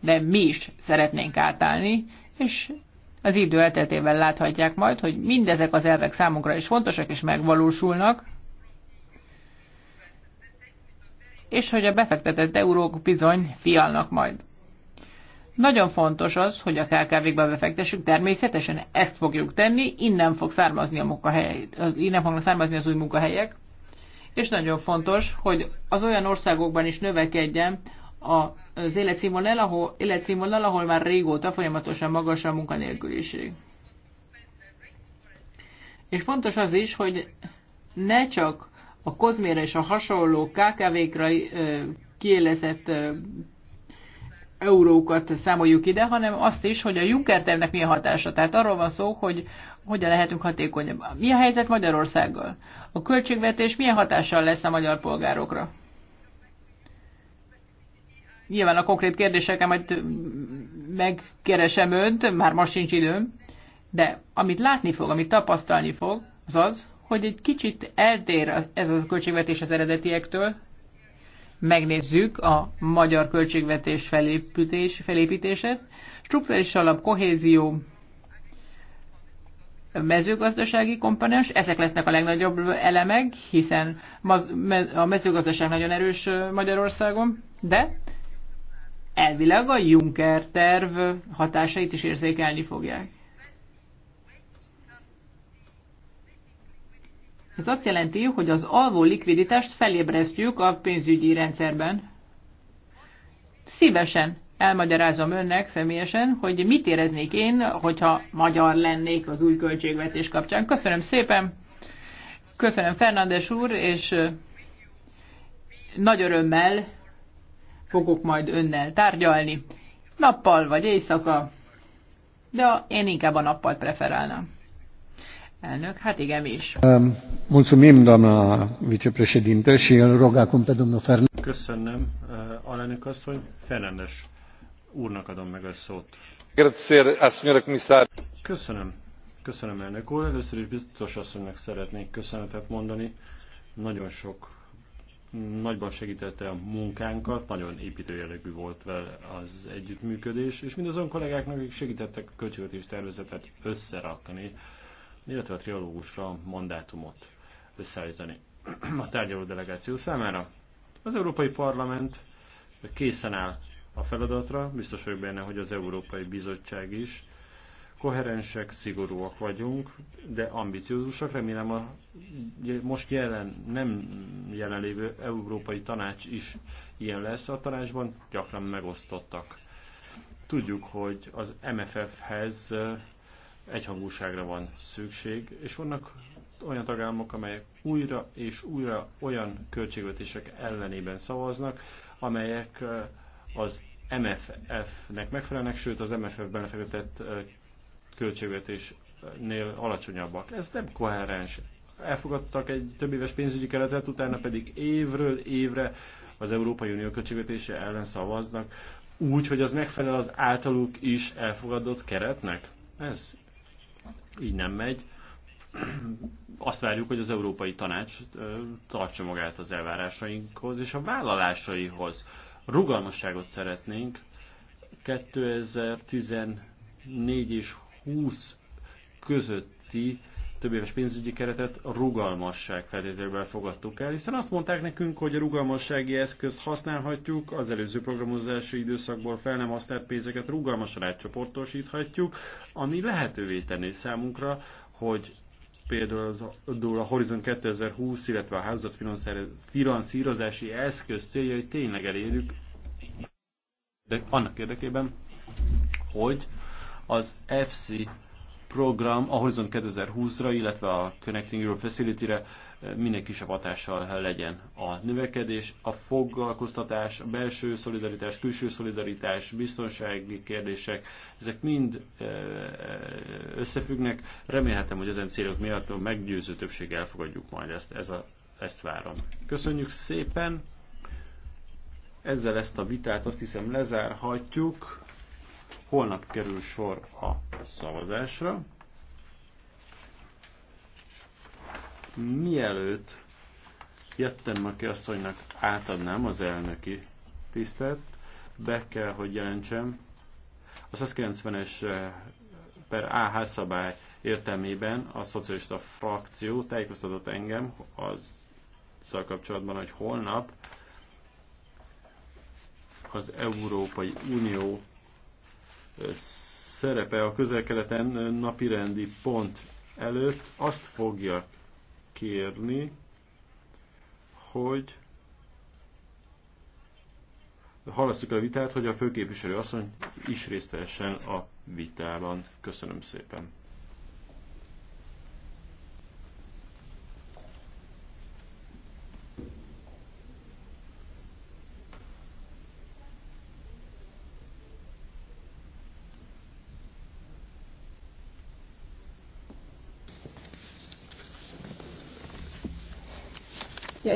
de mi is szeretnénk átállni, és az idő elteltével láthatják majd, hogy mindezek az elvek számunkra is fontosak és megvalósulnak, és hogy a befektetett eurók bizony fialnak majd. Nagyon fontos az, hogy a KKV-kbe befektessük, természetesen ezt fogjuk tenni, innen, fog származni a munkahely, innen fognak származni az új munkahelyek, és nagyon fontos, hogy az olyan országokban is növekedjen, az életszínvonal, ahol, életszínvonal, ahol már régóta folyamatosan magas a munkanélküliség. És fontos az is, hogy ne csak a kozmére és a hasonló KKV-kra kiélezett eurókat számoljuk ide, hanem azt is, hogy a Juncker tervnek milyen hatása. Tehát arról van szó, hogy hogyan lehetünk hatékonyabb. Mi a helyzet Magyarországgal? A költségvetés milyen hatással lesz a magyar polgárokra? Nyilván a konkrét kérdésekre majd megkeresem önt, már most sincs időm, de amit látni fog, amit tapasztalni fog, az az, hogy egy kicsit eltér ez a költségvetés az eredetiektől. Megnézzük a magyar költségvetés felépítés, felépítését. Struktúrális alap, kohézió, mezőgazdasági komponens, ezek lesznek a legnagyobb elemek, hiszen a mezőgazdaság nagyon erős Magyarországon, de elvileg a Juncker terv hatásait is érzékelni fogják. Ez azt jelenti, hogy az alvó likviditást felébresztjük a pénzügyi rendszerben. Szívesen elmagyarázom önnek személyesen, hogy mit éreznék én, hogyha magyar lennék az új költségvetés kapcsán. Köszönöm szépen, köszönöm Fernandes úr, és nagy örömmel fogok majd önnel tárgyalni, nappal vagy éjszaka, de én inkább a nappal preferálnám. Elnök, hát igen, mi is. Mulțumim, doamna vicepreședinte, și îl rog acum pe domnul Fernández. Köszönöm, eh, alelnök asszony. Fernández úrnak adom meg a szót. Köszönöm. Köszönöm, elnök úr. Először is biztos asszonynak szeretnék köszönetet mondani. Nagyon sok nagyban segítette a munkánkat, nagyon építőjellegű volt vele az együttműködés, és mindazon kollégáknak, akik segítettek a költségvetés tervezetet összerakni, illetve a triológusra mandátumot összeállítani a tárgyaló delegáció számára. Az Európai Parlament készen áll a feladatra, biztos vagyok benne, hogy az Európai Bizottság is koherensek, szigorúak vagyunk, de ambiciózusak. Remélem a most jelen, nem jelenlévő Európai Tanács is ilyen lesz a tanácsban, gyakran megosztottak. Tudjuk, hogy az MFF-hez egyhangúságra van szükség, és vannak olyan tagállamok, amelyek újra és újra olyan költségvetések ellenében szavaznak, amelyek az MFF-nek megfelelnek, sőt az MFF-ben lefektetett költségvetésnél alacsonyabbak. Ez nem koherens. Elfogadtak egy több éves pénzügyi keretet, utána pedig évről évre az Európai Unió költségvetése ellen szavaznak, úgy, hogy az megfelel az általuk is elfogadott keretnek. Ez így nem megy. Azt várjuk, hogy az Európai Tanács tartsa magát az elvárásainkhoz és a vállalásaihoz. Rugalmasságot szeretnénk. 2014 és 20 közötti többéves pénzügyi keretet a rugalmasság feltételével fogadtuk el, hiszen azt mondták nekünk, hogy a rugalmassági eszközt használhatjuk, az előző programozási időszakból fel nem használt pénzeket rugalmasan átcsoportosíthatjuk, ami lehetővé tenné számunkra, hogy például az, a Horizon 2020, illetve a házat finanszírozási eszköz céljai tényleg elérjük, de annak érdekében, hogy az FC program a Horizon 2020-ra, illetve a Connecting Europe Facility-re minél kisebb hatással legyen a növekedés, a foglalkoztatás, a belső szolidaritás, külső szolidaritás, biztonsági kérdések, ezek mind e, e, összefüggnek. Remélhetem, hogy ezen célok miatt a meggyőző többség elfogadjuk majd ezt, ez a, ezt várom. Köszönjük szépen! Ezzel ezt a vitát azt hiszem lezárhatjuk. Holnap kerül sor a szavazásra. Mielőtt jöttem a asszonynak átadnám az elnöki tisztet, be kell, hogy jelentsem, a 190-es eh, per AH szabály értelmében a szocialista frakció tájékoztatott engem az kapcsolatban, hogy holnap az Európai Unió szerepe a közelkeleten keleten napirendi pont előtt azt fogja kérni, hogy halasszuk el a vitát, hogy a főképviselő asszony is részt vehessen a vitában. Köszönöm szépen.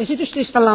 esityslistalla